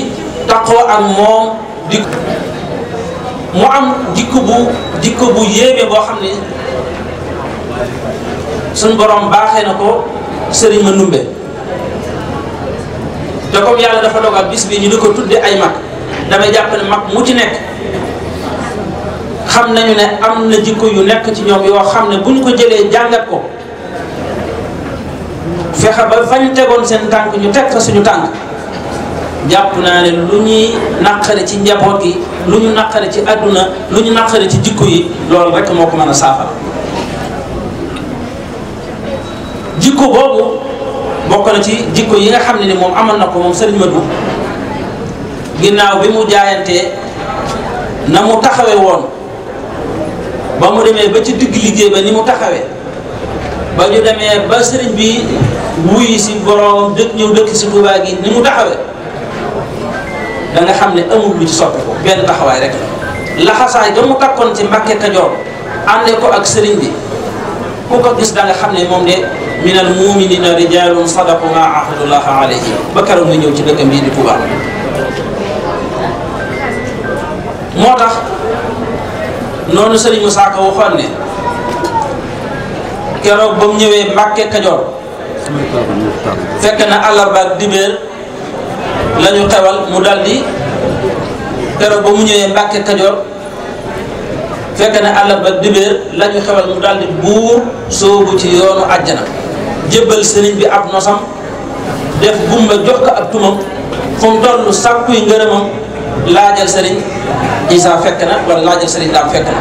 Speaker 4: taxoo ak moom di mu am jikko bu jikko bu yéeme boo xam ne suñ borom baaxe na ko sëriñ ma numbe te comme yàlla dafa dogal bis bi ñu di ko tudde ay mag damay jàpp ne mag mu ci nekk xam nañu ne am na jikko yu nekk ci ñoom yoo xam ne bu ñu ko jëlee jàngat ko fexe ba fañ tegoon seen tànk ñu teg fa suñu tànk jàpp naa ne lu ñuy naqare ci njaboot gi lu ñu naqare ci àdduna lu ñu naqare ci jikko yi loolu rekk moo ko mën a saafara jikko boobu bokk na ci jikko yi nga xam ne ni moom amal na ko moom sëriñ Madu ginnaaw bi mu jaayantee na mu taxawe woon ba mu demee ba ci digg liggéey ba ni mu taxawee ba ñu demee ba sëriñ bi wuyu si boroom dëkk ñëw dëkk si Tuubaa gi ni mu taxawee danga xam ne amul lu ci soppi ko benn taxawaay rek laxasaay ga mu takkoon ci Mbàkke Kajoor ànde ko ak sëriñ bi ku ko gis da xam ne moom de minal muminina rijalun sadaqu ma ahadullaha ba keroog nga ñëw ci dëkkam bii di Tuubaa moo tax noonu Serigne Moussa Ka waxoon ne keroog ba mu ñëwee Mbàkke Kajoor fekk na àllarba ak dibéer la xewal mu daldi keroog ba ñëwee Mbàkke Kajoor fekk na àllarba ak dibéer la ñu xewal mu daldi buur soobu ci yoonu àjjana jébbal sëriñ bi ab nosam def gumba jox ko ab tumam fu mu toll sàkkuy ngërëmam laajal sëriñ Isa fekk na wala laajal sëriñ daam fekk na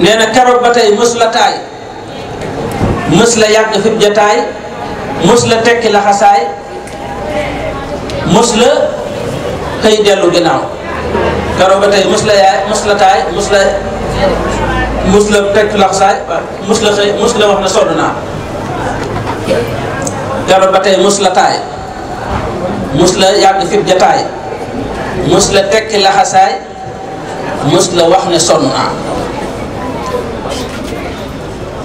Speaker 4: nee na keroog ba tey mës la taay mës la jataay mës la tekki laxasaay mës la xëy dellu ginnaaw keroog ba tey mës la yaay mës la taay mës la mës la tekki laxasaay mës la xëy mës la wax na sonn
Speaker 7: naa
Speaker 4: keroog ba tey mës la taay mus la yàgg fib jataay mos la tekki laxasaay mus la wax ne sonn naa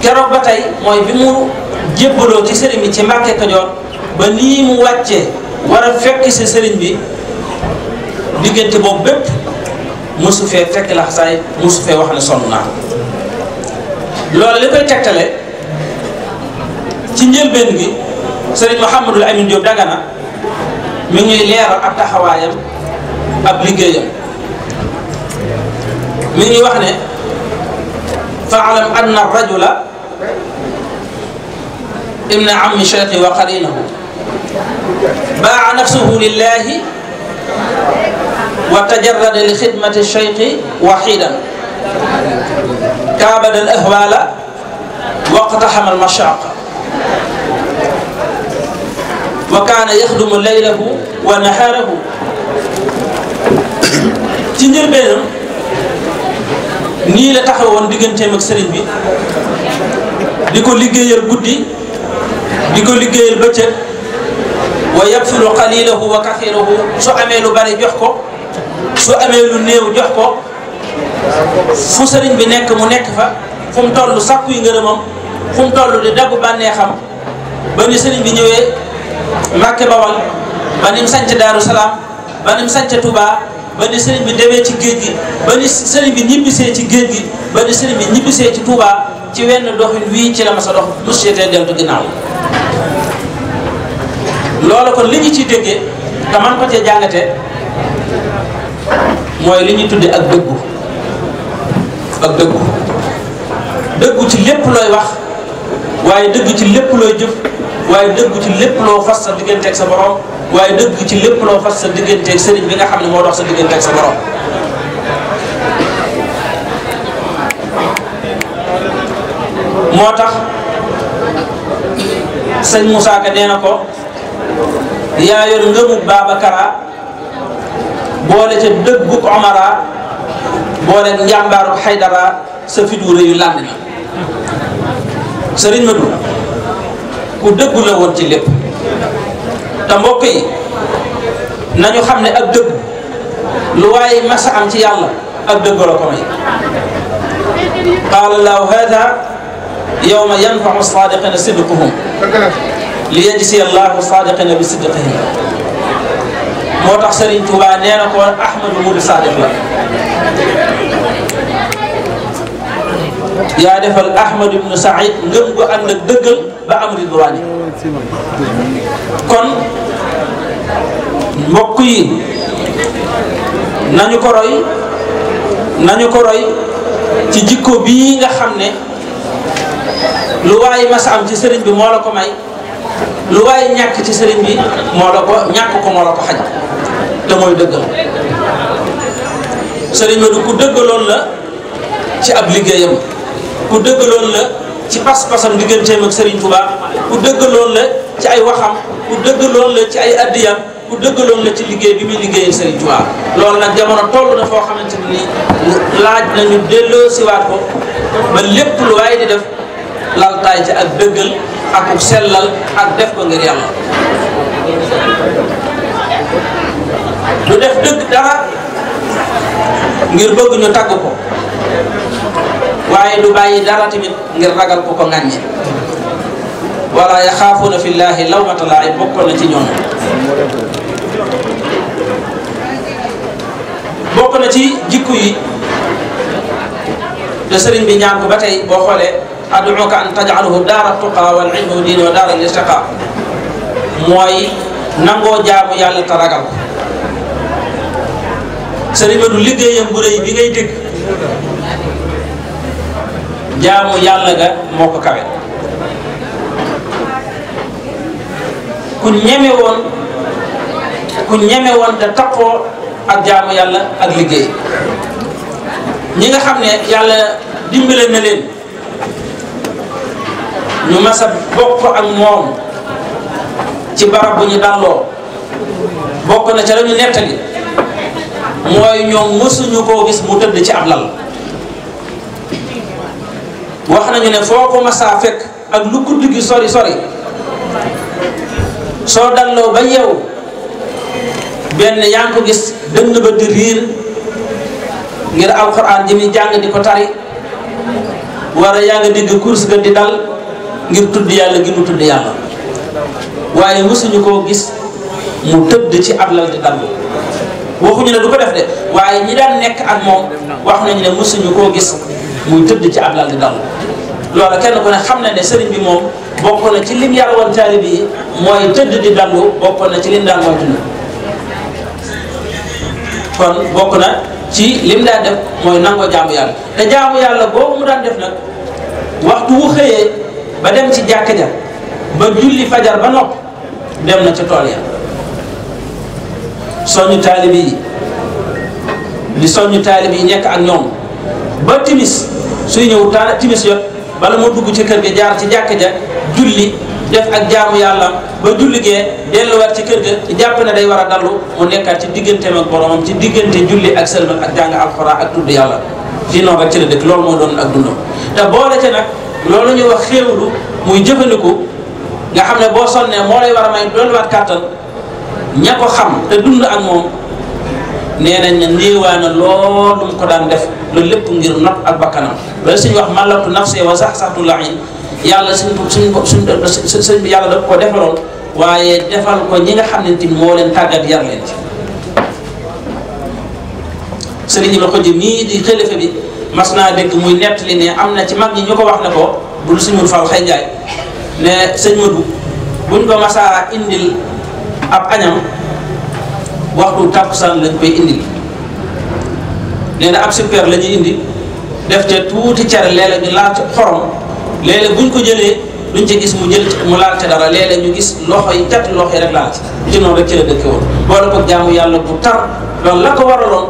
Speaker 4: keroog ba tey mooy bi mu jébbaloo ci sëriñ bi ci Mbàkke Kajoor ba nii mu wàccee war a fekk si sëriñ bi diggante boobu bépp mosu fee fekk laxasaay mosu fee wax ne sonn naa loolu li koy tegtale ci njëlbeen gi sëriñ Mouhamadul Amin Diop Dagana mi ngi ñuy leeral ab taxawaayam ab liggéeyam mi ngi wax ne faalam anna rajula ibna ammi shayqi wa qarinahu baa nafsuhu lillahi wa tajarrada li xidmati shayqi waxidan kaabada al ahwala waqtahama al mashaqa wa kaana yaxdumu laylahu wa nahaarahu ci njëlbeenam nii la taxawoon digganteem ak sëriñ bi di ko liggéeyal guddi di ko liggéeyal bëccëg wa yabfilu qalilahu wa kathirahu su amee lu bari jox ko su amee lu néew jox ko fu sëriñ bi nekk mu nekk fa fu mu toll sàkku yi ngërëmam fu mu toll di daggu bànneexam ba ni sëriñ bi ñëwee Mbàkke Bawal ba ni mu sanc Daaru Salaam ba ni mu sanc ba ni sëriñ bi demee ci géej gi ba ni sëriñ bi ñibbisee ci géej gi ba ni sëriñ bi ñibbisee ci Touba ci wenn doxin wii ci la ma sa dox monsieur tey deltu ginnaaw loolu ko li ñu ci déggee te man ko cee jàngate mooy li ñuy tudde ak dëggu ak dëggu dëggu ci lépp looy wax waaye dëgg ci lépp looy jëf waaye dëggu ci lépp loo fas sa digganteeg sa borom waaye dëggu ci lépp loo fas sa digganteeg sëriñ bi nga xam ne moo dox sa digganteeg sa borom. moo tax sëñ Moussa Ka nee na ko yaa yor ngëmub boole ca dëggub Omara boole njàmbaarub Xaydara sa fit wu rëyu lànd na sëriñ Madou. ku dëggu la woon ci lépp te mbokk yi nañu xam ne ak dëgg lu waaye masa am ci yàlla ak dëgg la ko may qaala allahu hada yowma yanfaau saadiqina sidquhum li yajzi allahu saadiqina bi sidqihim moo tax Sëriñ Tuubaa nee na ko Ahmadu Mudu Saadiq la yaa defal Ahmad ibn Saïd ngëm ko ànd ak dëggal ba am ridwaani kon mbokk yi nañu ko roy nañu ko roy ci jikko bii nga xam ne lu waaye mas am ci sëriñ bi moo la ko may lu waaye ñàkk ci sëriñ bi moo la ko ñàkk ko moo la ko xaj te mooy dëggal sëriñ bi du ku dëggaloon la ci ab liggéeyam ku dëggaloon la ci pas-pasam digganteem ak Serigne Touba ku dëggaloon la ci ay waxam ku dëggaloon la ci ay addiyam ku dëggaloon la ci liggéey bi muy liggéeyal Serigne Touba loolu nag jamono toll na foo xamante ni laaj nañu delloo siwaat ko ba lépp lu waaye di def laltaay ci ak dëggal ak ub sellal ak def ko ngir yàlla du def dëgg dara ngir bëgg ñu tagg ko waaye du bàyyi dara tamit ngir ragal ko ko ŋàññe wala yaxaafuuna fillaahi lawmata laa'im bokkoon na ci ñoom bokk ci jikku yi te sëriñ bi ñaan ko ba tey boo xoolee ad'uuka an taj'alahu daara tuqaa wal ilmu diin wa daara listiqaa mooy nangoo du liggéeyam bu bi ngay dégg jaamu yàlla ga moo ko kawe ku ñeme woon ku ñeme woon da takkoo ak jaamu yàlla ak liggéey ñi nga xam ne yàlla dimbale na leen ñu mas bokk ak moom ci barab bu ñu dalloo bokk na ca la ñu nettali mooy ñoom mësuñu koo gis mu tëdd ci ab lal wax nañu ne foo ko masaa fekk ak lu guddi gi sori sori soo daloo ba yeewu benn yaa ngi ko gis dënn ba di riir ngir alxuraan ji muy jàng di ko tari wara yaa nga dégg course ga di dal ngir tudd yàlla gi mu tudd yàlla waaye mësuñu koo gis mu tëdd ci ab lal di dal waxuñu ne du ko def de waaye ñi daan nekk ak moom wax nañu ne mësuñu koo gis muy tëdd ci ab lal di dalu loola kenn ku ne xam na ne sëriñ bi moom bokk na ci lim yàlla woon taalib yi mooy tëdd di dangu bokk na ci lim daan moytu kon bokk na ci lim daan def mooy nangoo jaamu yàlla te jaamu yàlla boobu mu daan def nag waxtu wu xëyee ba dem ci jàkka ja ba julli fajar ba nopp dem na ci tool ya soññu taalib yi di soññu taalib yi nekk ak ñoom ba timis suy ñëw ta timis yoon bala moo dugg ci kër ga jaar ci jàkk ja julli def ak jaamu yàlla ba julli gee war ci kër ga jàpp ne day war a dallu mu nekkaat ci digganteem ak boromam ci diggante julli ak sëlmal ak jàng alxuraan ak tudd yàlla ci noog ak ci la loolu moo doon ak dundam te boole ca nag loolu ñuy wax xéewlu muy jëfandiku nga xam ne boo sonnee moo lay war a may dolliwaat kàttan ña ko xam te dund ak moom nee nañ ne néewaa na loolu mu ko daan def loolu lépp ngir napp ak bakkanam loolu suñu wax malamtu nafsee wa sax saxtu laxin yàlla suñ suñ ko suñ suñ bi yàlla daf ko defaloon waaye defal ko ñi nga xam ne tamit moo leen tàggat yar leen ci sëriñ la di xalifa bi mas naa dégg muy nettali ne am na ci mag ñi ñu ko wax ne ko bul suñul fal xëy njaay ne sëñ Madu buñ ko masaa indil ab añam waxtu tàkkusaan lañ koy indil nee na ab super la ñuy indi def ca tuuti cere léeg-léeg ñu laal ca xorom léeg-léeg buñ ko jëlee luñ ci gis mu jël mu laal ca dara léeg ñu gis loxo yi cat loxo yi rek laal ci ci noonu rek ci la dëkke woon boole ko jaamu yàlla bu tar loolu la ko waraloon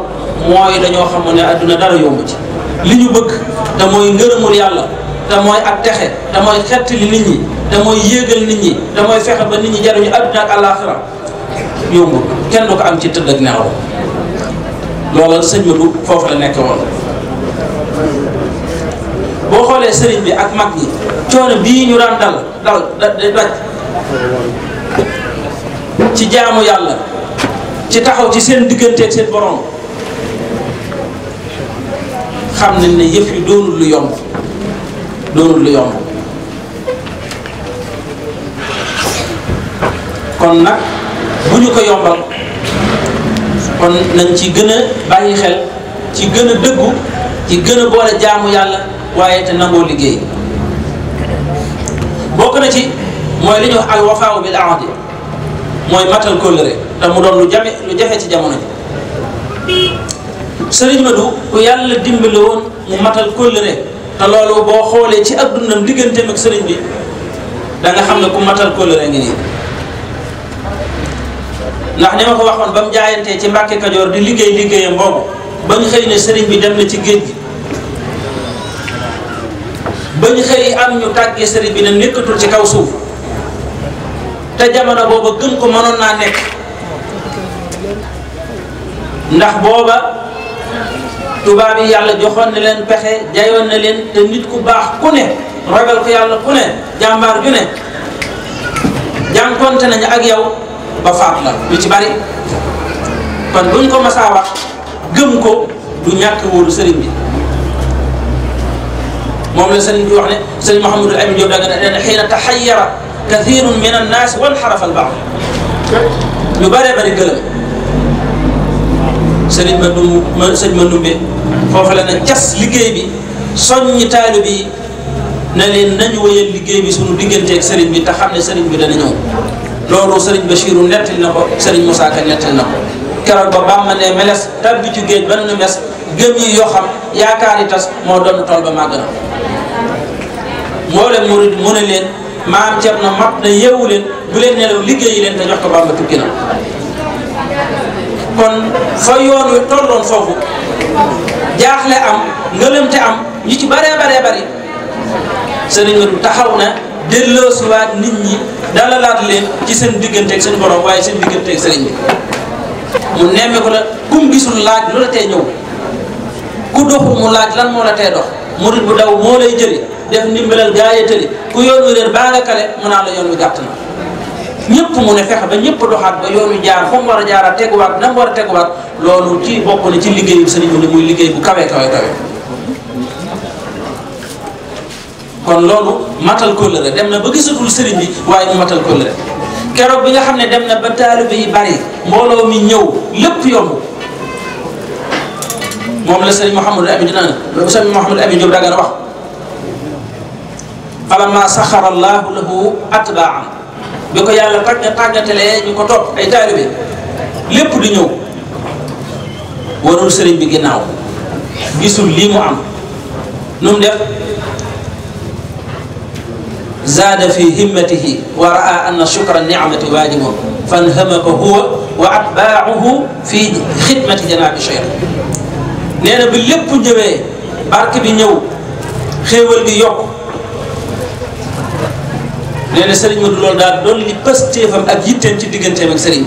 Speaker 4: mooy dañoo xamoon ne adduna dara yomb ci li ñu bëgg te mooy ngërëmul yàlla te mooy ak texe te mooy xett nit ñi te mooy yéegal nit ñi damooy mooy fexe ba nit ñi jariñu adduna ak àllaaxira yomb kenn du ko am ci tëdd ak loola sëñ Madou foofu la nekk woon boo xoolee sëriñ bi ak mag yi coono bii ñu daan dal dal daj ci jaamu yàlla ci taxaw ci seen digganteeg seen borom xam nañ ne yëf yi doonul lu yomb doonul lu yomb kon nag bu ñu ko yombal kon nañ ci gën a bàyyi xel ci gën a dëggu ci gën a boole jaamu yàlla waaye te nangoo liggéey bokk na ci mooy li ñuy wax al wafaawu bil ahdi mooy matal kóllëre te mu doon lu jafe lu jafe ci jamono ji sëriñ Madou ku yàlla dimbali woon mu matal kóllëre te loolu boo xoolee ci ak dundam digganteem ak sëriñ bi da nga xam ne ku matal kóllëre ngi nii ndax ni ma ko waxoon ba mu jaayantee ci Mbàkke Kajoor di liggéey liggéeyam boobu ba ñu xëy ne sëriñ bi dem na ci géej gi ba ñu xëy am ñu tàggee sëriñ bi ne nekkatul ci kaw suuf te jamono booba gën ko mënoon naa nekk ndax booba tubaab yi yàlla joxoon na leen pexe jayoon na leen te nit ku baax ku ne ragal ko yàlla ku ne jàmbaar ju ne jànkonte nañu ak yow ba faatu la ci bari kon buñ ko masaa wax gëm ko du ñàkk wóolu sëriñ bi moom la sëriñ bi wax ne sëriñ Mouhamadou Amin Diop da nga ne leen xiina taxayyara kathirun min annaas wan xarafa al baad ñu bëree bëri gëlëm sëriñ ma dum sëriñ ma numbe foofu la ne cas liggéey bi soññi taalu bi ne leen nañu wëyal liggéey bi suñu digganteek sëriñ bi te xam ne sëriñ bi dana
Speaker 7: ñëw
Speaker 4: loolu Serigne Bachiru nettali na ko Serigne Moussa Ka nettali na ko keroog ba bàmma ne meles tàbbi ci géej ban nu mes gëm yoo xam yaakaari tas moo doon tool ba màgg na moo leen murid mu ne leen maam na mat na yeewu leen bu leen nelaw liggéeyi leen te jox ko bàmba tukki na kon fa yoon wi tolloon foofu jaaxle am ngëlëmte am ñu ci baree baree bari sëriñ bi taxaw na delloosiwaat nit ñi dalalaat leen ci seen digganteeg seen borom waaye seen digganteeg sëriñ bi mu nemme ko la kum gisul laaj lu la tee ñëw ku doxul mu laaj lan moo la tee dox murit bu daw moo lay jëli def ndimbalal gaa yi tëli ku yoon wi baa nga kale mu naa la yoon wi gàtt na ñëpp mu ne fexe ba ñëpp doxaat ba yoon wi jaar fa war a a teguwaat na war a teguwaat loolu ci bokk na ci liggéeyu sëriñ bi ne muy liggéey bu kawe kawe kawe kon loolu matal kóllëre dem na ba gisatul sëriñ bi waaye mu matal kóllëre keroog bi nga xam ne dem na ba taalibe bi bari mbooloo mi ñëw lépp yomb moom la sëriñ Mouhamadou Abi dina ne sëriñ Mouhamadou Abi Diop dagan wax falamma saxara la lahu atbaan bi ko yàlla tàgg tàggatalee ñu ko topp ay taalibe lépp di ñëw warul sëriñ bi ginnaaw gisul lii mu am nu mu def zaada fi himmatihi wa raa anna shukra nicmati waajibun fanhamaka huwa wa atbaacuhu fi xidmati janaabi cheikh nee na bi lépp ñëwee barke bi ñëw xéewal bi yokk nee na sëriñ Madu loolu daal doon li pastéefam ak yitteem ci digganteem ak sëriñ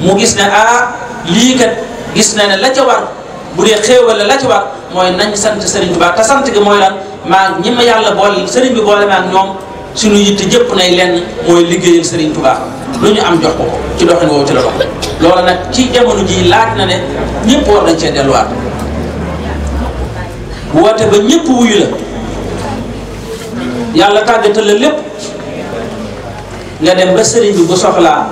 Speaker 4: mu gis ne ah lii kat gis na ne la ca war bu dee xéewal la la ca mooy nañ sant sëriñ Tuubaa te sant gi mooy lan maa ñi ma yàlla boole sëriñ bi boole ma ak ñoom suñu yitte jëpp nay lenn mooy liggéeyal sëriñ Tuubaa lu ñu am jox ko ko ci doxin woowu ci la dox loola nag ci jamono ji laaj na ne ñëpp cee delluwaat woote ba ñëpp wuyu yàlla tàggatal la lépp ba sëriñ bi bu soxlaa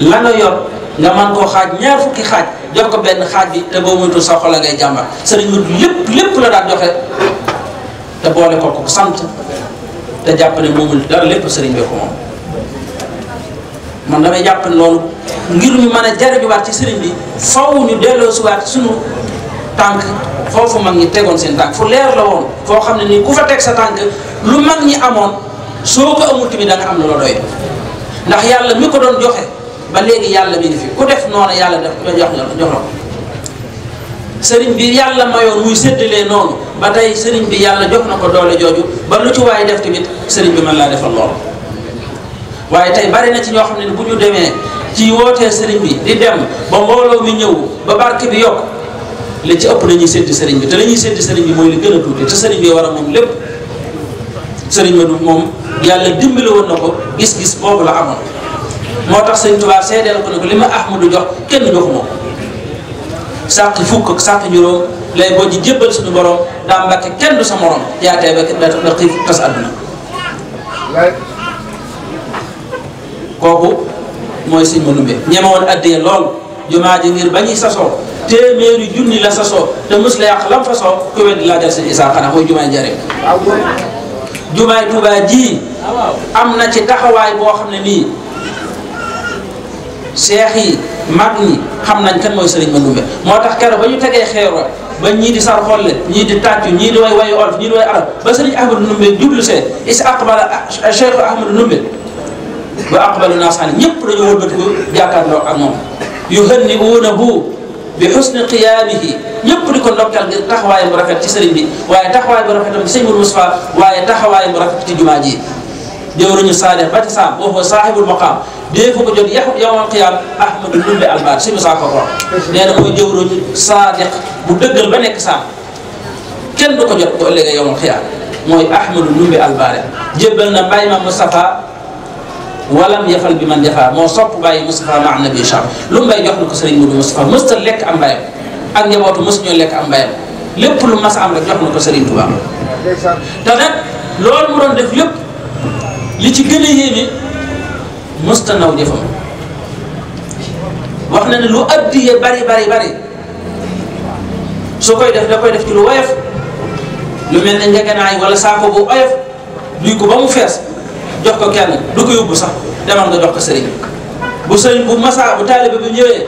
Speaker 4: la nga yor nga man koo xaaj ñaar fukki xaaj jox ko benn xaaj bi te boo moytu sa xol a ngay jàmbar sëriñ bi lépp lépp la daan joxe te boole ko ko sant te jàpp ne moomul dara lépp sëriñ bi ko moom man damay jàpp ne loolu ngir ñu mën a jariñuwaat ci sëriñ bi faw ñu delloo siwaat suñu tànk foofu mag ñi tegoon seen tànk fu leer la woon foo xam ne nii ku fa teg sa tànk lu mag ñi amoon soo ko amul tamit da am na la doy ndax yàlla mi ko doon joxe ba léegi yàlla mi ngi ku def noonu yàlla def jox la jox la ko sëriñ bi yàlla mayoon muy séddalee noonu ba tey sëriñ bi yàlla jox na ko doole jooju ba lu ci waay def tamit sëriñ bi man laa defal lool waaye tey bari na ci ñoo xam ne bu ñu demee ci wootee sëriñ bi di dem ba mbooloo mi ñëw ba barke bi yokk li ci ëpp dañuy séddi sëriñ bi te la ñuy séddi sëriñ bi mooy li gën a tuuti te sëriñ bi war a moom lépp sëriñ bi moom yàlla dimbali na ko gis-gis boobu la amoon moo tax sëriñ Tuubaa seedeel ko ne ko li ma Ahmadu jox kenn joxu sànq fukk ak sànq juróom lay bojj jébbal suñu borom daa mbàkke kenn du sa morom yaa tey ba da xiif tas àdduna kooku mooy sëñ Manumbe ñeme woon addee lool jumaa ji ngir bañuy sasoo téeméeri junni la sasoo te mos la yàq lam fasoo ku wedd laa jal sëñ Isaa xanaa mooy jumaay njariñ ah jumaay Tuubaa ji ah am na ci taxawaay boo xam ne nii seex yi mag ñi xam nañ kan mooy sëriñ Mandumbe moo tax keroog ba ñu tegee xeeroo ba ñii di sar xolle ñii di tàccu ñii di way wayu olof ñii di way arab ba sëriñ Ahmadou Ndumbe jublu see is aqbala ah, Cheikh Ahmadou Ndumbe ba aqbalu naasaan ñëpp dañoo wëlbatiku jàkkaarloo ak moom yu hënni uunahu bi xusni qiyaamihi ñëpp di ko ndokkal ngir mu rafet ci sëriñ bi waaye taxawaay bu rafetam ci sëñ Mustafaa bu rafet ci jumaa ji jëwriñu saalix ba ci saam boo ko saahibul maqaam dee fa ko jot yawmal qiyaam ahmadu lumbe albaar si misaa ko roon nee na mooy jëwruñ saadiq bu dëggal ba nekk saam kenn du ko jot bu ëllëgee yawmal qiyaam mooy ahmadu lumbe albaar jébbal na bàyyi ma Moustapha walam yafal bi man jafaa moo sopp bàyyi Moustapha ma nabi sham lu mbay jox na ko sëriñ Modou Moustapha mësta lekk am mbayam ak njabootu mësuñoo lekk am mbayam lépp lu mas am rek jox na ko sëriñ Touba te nag loolu mu doon def lépp li ci gën a yéeme mësta naw jëfam wax na ne lu addiye bari bari bari su koy def da koy def ci lu woyof lu mel ne njëgënaay wala saako bu oyof duy ko ba mu fees jox ko kenn du ko yóbbu sax demal nga jox ko sëriñ bu sëriñ bu masaa bu taalibe bu ñëwee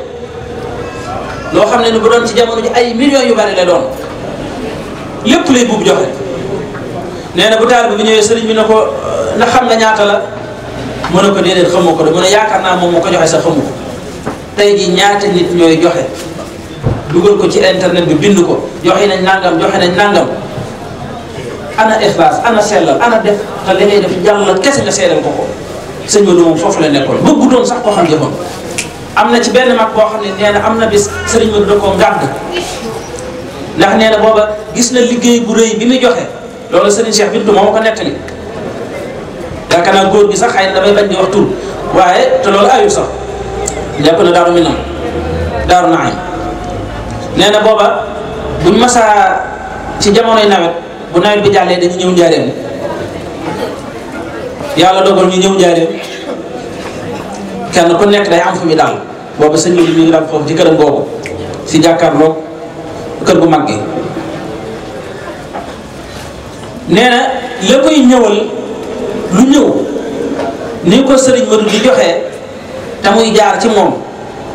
Speaker 4: loo xam ne ni bu doon ci jamono ji ay millions yu bari la doon lépp lay buub joxe nee na bu taalibe bu ñëwee sëriñ bi na ko na xam nga ñaata la. mën ne ko déedéet xamoo ko de mu ne yaakaar naa moom moo ko joxe sax xamu ko tey jii ñaata nit ñooy joxe dugal ko ci internet bi bind ko joxe nañ nangam joxe nañ nangam ana ixlaas ana sellal ana def te li ngay def yàlla kese nga seedal ko ko sëñ Maodo moom foofu la nekkoon bëggu doon sax koo xam joxoon am na ci benn mag boo xam ne nee na am na bis sëriñ Maodo da koo ngàdd ndax nee na booba gis na liggéey bu rëy bi muy joxe loolu sëriñ Cheikh Bintu moo ko nettali yaakaar naa góor gi sax xëy na damay bañ di wax tur waaye te loolu ayub sax jàpp na daaru mi nam daaru naay na booba bu masaa ci jamonoy nawet bu nawet bi jàllee dañu ñëw njaareem yàlla dogal ñu ñëw njaareem kenn ku nekk day am fu muy daal boobu sëñ bi mi ngi daal foofu ci këram boobu si jàkkaarloog kër gu mag gi nee na la ñëwal lu ñëw ni ko sëriñ Madu di joxee te muy jaar ci moom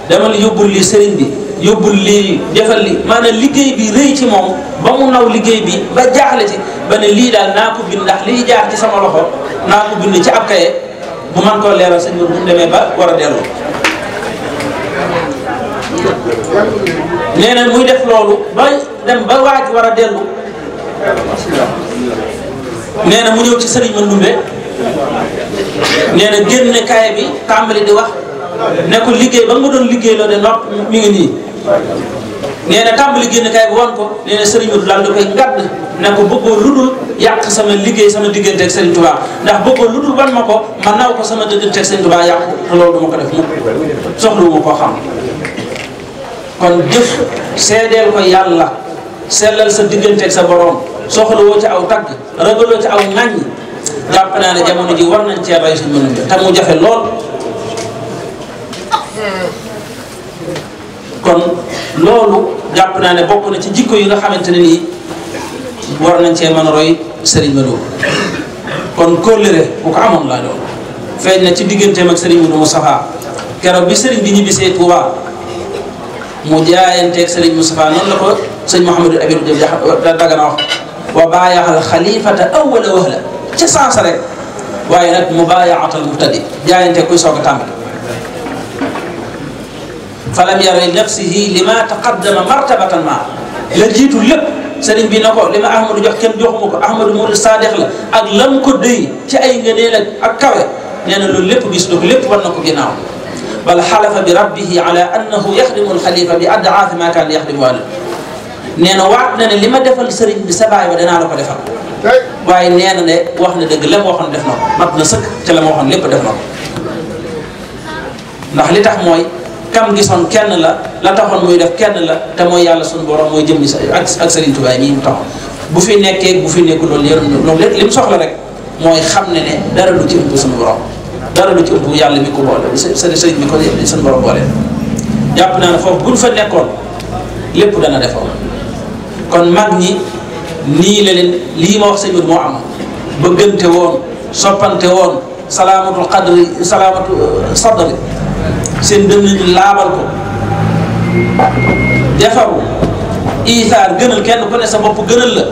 Speaker 4: demal yóbbul li sëriñ bi yóbbul li defal li maanaam liggéey bi rëy ci moom ba mu naw liggéey bi ba jaaxle ci ba ne lii daal naa ko bind ndax liy jaar ci sama loxo naa ko bind ci ab kaye bu man koo leeral sëñ bi bu mu ba war a dellu nee muy def loolu ba dem ba waaj war a dellu nee na mu ñëw ci sëriñ Mandoumbe
Speaker 7: nee
Speaker 4: génn génne kaay bi tàmbali di wax ne ko liggéey ba nga doon liggéey loo de nopp mi ngi nii nee na tàmbali génn kaay bi woon ko nee na Serigne Modou Lam da koy ngadd ne ko bëggoo dul yàq sama liggéey sama diggante ak Serigne Touba ndax lu dul ban ma ko ma naw ko sama diggante ak Serigne Touba yàq te loolu du ko def mukk soxluwuma koo xam kon jëf seedeel ko yàlla sellal sa diggante ak sa borom soxla woo ci aw tagg ragaloo ci aw ŋàññ jàpp naa ne jamono ji war nañ cee rey suñu mën te mu jafe lool kon loolu jàpp naa ne bokk na ci jikko yi nga xamante ne nii war nañ cee mën a roy Serigne kon kóllëre bu ko amoon laa doon feeñ na ci digganteem ak Serigne Modou Moustapha keroog bi Serigne bi ñibbisee Touba mu jaayanteeg Serigne Moustapha noonu la ko sëñ Mouhamadou Abidou Diop daga na wax wa baayaxal xalifata awwala wahla ca saasa rek waaye nag mubaayatul mubtadi jaayante kuy soog a tàmbali fa lam yara li nafsihi li ma taqaddama martabatan ma la jiitu lépp sëriñ bi na ko li ma ahmadu jox kenn joxuma ko ahmadu murid saadix la ak lam ko dëy ci ay ngëneel ak kawe nee na loolu lépp gis na ko lépp war na ko ginnaaw bal xalafa bi rabbihi ala annahu yaxdimu alxalifa bi adaafi ma kaan yaxdimu wàll nee na waat na ne li ma defal sëriñ bi sa baay ba danaa la ko defal waaye nee na wax na dëgg la ma waxoon def na ko mat na sëkk ca la ma waxoon lépp def na ko ndax li tax mooy kam gisoon kenn la la taxoon muy def kenn la te mooy yàlla suñu borom mooy jëmmi sa ak ak Sëriñ Tuubaa mii mu taxoon bu fi nekkee bu fi nekkul loolu yërëm ñu loolu lépp li mu soxla mooy xam ne ne dara lu ci suñu borom dara lu ci ëpp yàlla mi ko boole sëriñ mi ko suñu borom boole jàpp naa ne foofu buñ fa nekkoon lépp dana defoon kon mag ñi lii la lii ma wax sëñ bi moo am bëggante woon soppante woon salaamatul qadri salaamatu euh, sadri seen dënn ñu laabal ko defaru iisaar gënal kenn ku ne sa bopp gënal la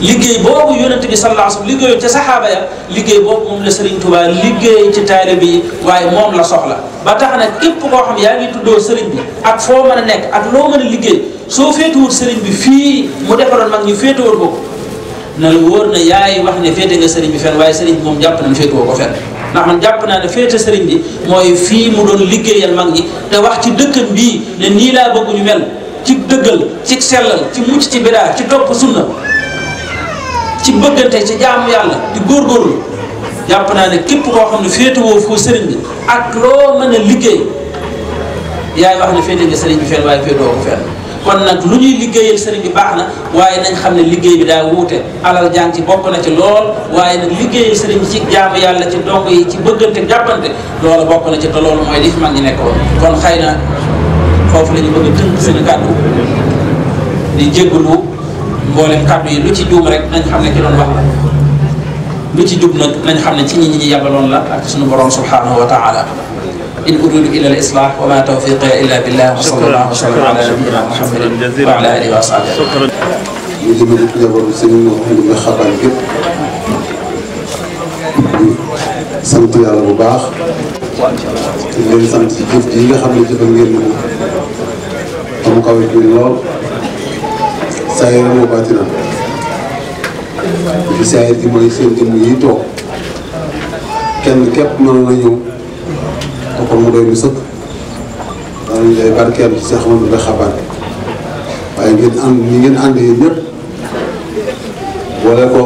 Speaker 4: liggéey boobu yonent bi sallallahu alayhi wasallam liggéeyu ca saxaaba ya liggéey boobu moom la Serigne Touba liggéey ci taalibe bi waaye moom la soxla ba tax na képp koo xam yaa ngi tuddoo Serigne bi ak foo mën nekk ak loo mën a liggéey. soo féetuwut sëriñ bi fii mu defaroon mag ñu féetuwul ko na la wóor na yaay wax ne féete nga sëriñ bi fenn waaye sëriñ bi jàpp na ne féetuwoo ko fenn jàpp naa ne féete sëriñ bi mooy fii mu doon liggéeyal mag ñi te wax ci dëkkam bii ne nii laa bëgg ñu ci dëggal ci sellal ci mucc ci bidaa ci topp sunna ci ci jaamu yàlla di góorgóorlu jàpp naa ne képp koo xam sëriñ bi ak a liggéey yaay wax ne féete nga sëriñ bi fenn waaye féetewoo ko kon nag lu ñuy liggéeyal sëriñ bi baax na waaye nañ xam ne liggéey bi daa wuute alal jàng ci bokk na ci lool waaye nag liggéeyal sëriñ bi ci jaamu yàlla ci ndongo yi ci bëggante jàppante loolu bokk na ci te loolu mooy li fi mag ñi nekkoon kon xëy na foofu la ñu bëgg a tënk seen kàddu di jégalu mboolem kàddu yi lu ci juum rek nañ xam ne ki doon wax lu ci jub nag nañ xam ne ci ñi ñi ñu yabaloon la ak suñu borom subhanahu wa in uridu illa al islah wa ma tawfiqi illa billah wa sallallahu wa sallam ala nabiyyina muhammadin wa ala alihi wa sahbihi
Speaker 1: ñu jëmale ci jabaru sëñ Mouhamadou nga xabaar yëpp sant yàlla bu baax di leen sant ci jëf ji nga xam ne jëfal ngeen ñu ko mu kawe bi lool saa yore moo bàtti na li saa yore ji mooy seen jëmm yi toog kenn képp mënoon na ñëw te kon mu doy lu sëkk maa ngi barkeel ci Cheikh Mamadou Ndaxa Mbacké waaye ngeen ànd ñi ngeen ànd yéen ñëpp boole ko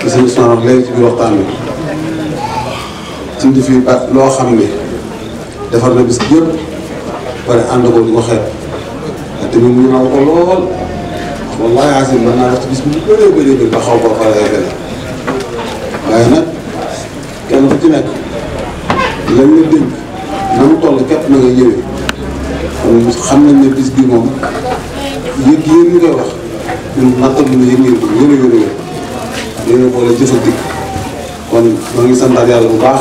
Speaker 1: ki seen sonal ci biir waxtaan bi tindi fii bat loo xam ne defar na bis yëpp pare ànd ko di ko xeet te ñun ñu naan ko lool wallaahi asim mën naa ci bis bu bëree bëri ba xaw ko fa waaye nag kenn ku ci nekk. lañ la dénk na mu toll képp na nga ñëwee xam nañ ne bis bi moom yëg yéen ñi koy wax ñun nattaluñ ne yëg ngeen boole jëfal dikk kon maa ngi santaat yàlla bu baax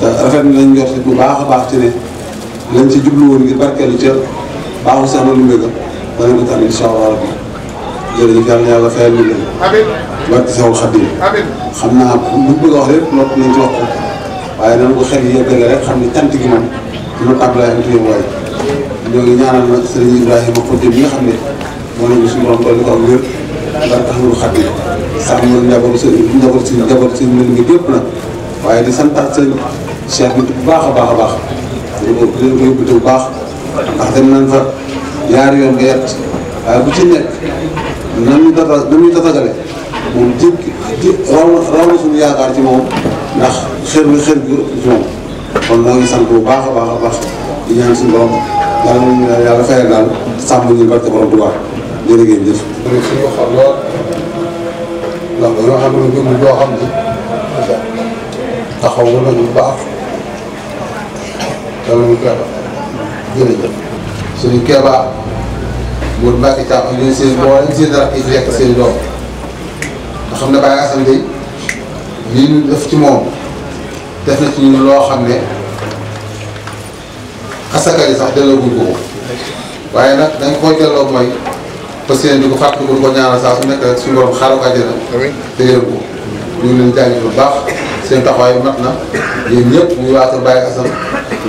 Speaker 1: te rafet nañ njort bu baax a baax ci ne lañ ci jublu woon ngir barkeelu ca lu mbéga danañ ko am incha allah rabbi jërëjëf yàlla na yàlla fayal ñu leen barke xam naa lu bëgg a loolu nañ ci wax ko waaye dana ko xel yeggale rek xam ne cant gi moom lu tàgg laay am ci yéen waaye ñoo ngi ñaanal xam ne moo nekk suñu borom tool yi ko am wér ndax tax na lu xat la sax ñu njaboot nag waaye di santaat seen cheikh bi bu baax a baax a baax bu baax ndax dem nañ fa ñaari yoon nga yett waaye bu ci nekk nan ñu tata nan ñu tatagale moom jékki jékki raw raw na suñu yaakaar ci moom. ndax xër nga xër gi moom kon moo ngi sant bu baax a baax a baax di ñaan suñu borom daal moom yàlla fayal daal sàmm ñu barke borom Tuubaa jërë ngeen jëf. dëgg suñu xol lool ndax dañoo xam ne gëm doo xam ne taxawu nañu bu baax danañu keeba jërëjëf suñu keeba Mbour Mbacke Thiam ak ñoom seen boo leen seen dara ay lekk seen doom nga xam ne bàyyi asan lii ñu def ci moom def na ci ñun loo xam ne asaka yi sax dellooguñ ko waaye nag dañ ko delloo mooy parce que di ko fàttali ko di ko ñaanal saa su nekk rek suñu borom xaaral ko àjjana te yërëm bu baax seen taxawaay mat na yéen ñëpp muy waa kër Baye Assane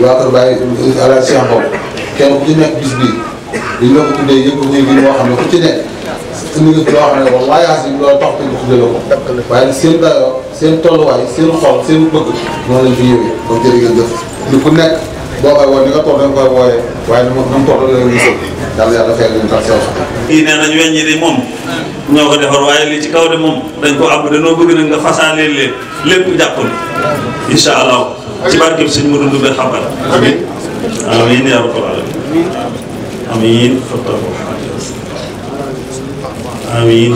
Speaker 1: waa ñu la xam ne ku ci nekk indi nga loo xam ne wallaahi loolu tax jëla ko waaye seen dayoo seen tolluwaay seen xol seen bëgg noonu lañ fi ñëwee kon jërëjëf jëf di ku nekk boo koy woo ni nga toog da nga koy wooyee waaye na mu toll la ñu sëb yàlla yàlla fay leen tax sew
Speaker 4: kii nee nañ weñ ñi de moom ñoo ko defar waaye li ci kaw de
Speaker 1: moom dañ ko
Speaker 4: am
Speaker 2: danoo bëgg nag nga fasaaleel leen lépp jàppale incha allah ci barkeb sëñ mu dund benn xamal amiin amiin yaa rabbal alamin amiin amiin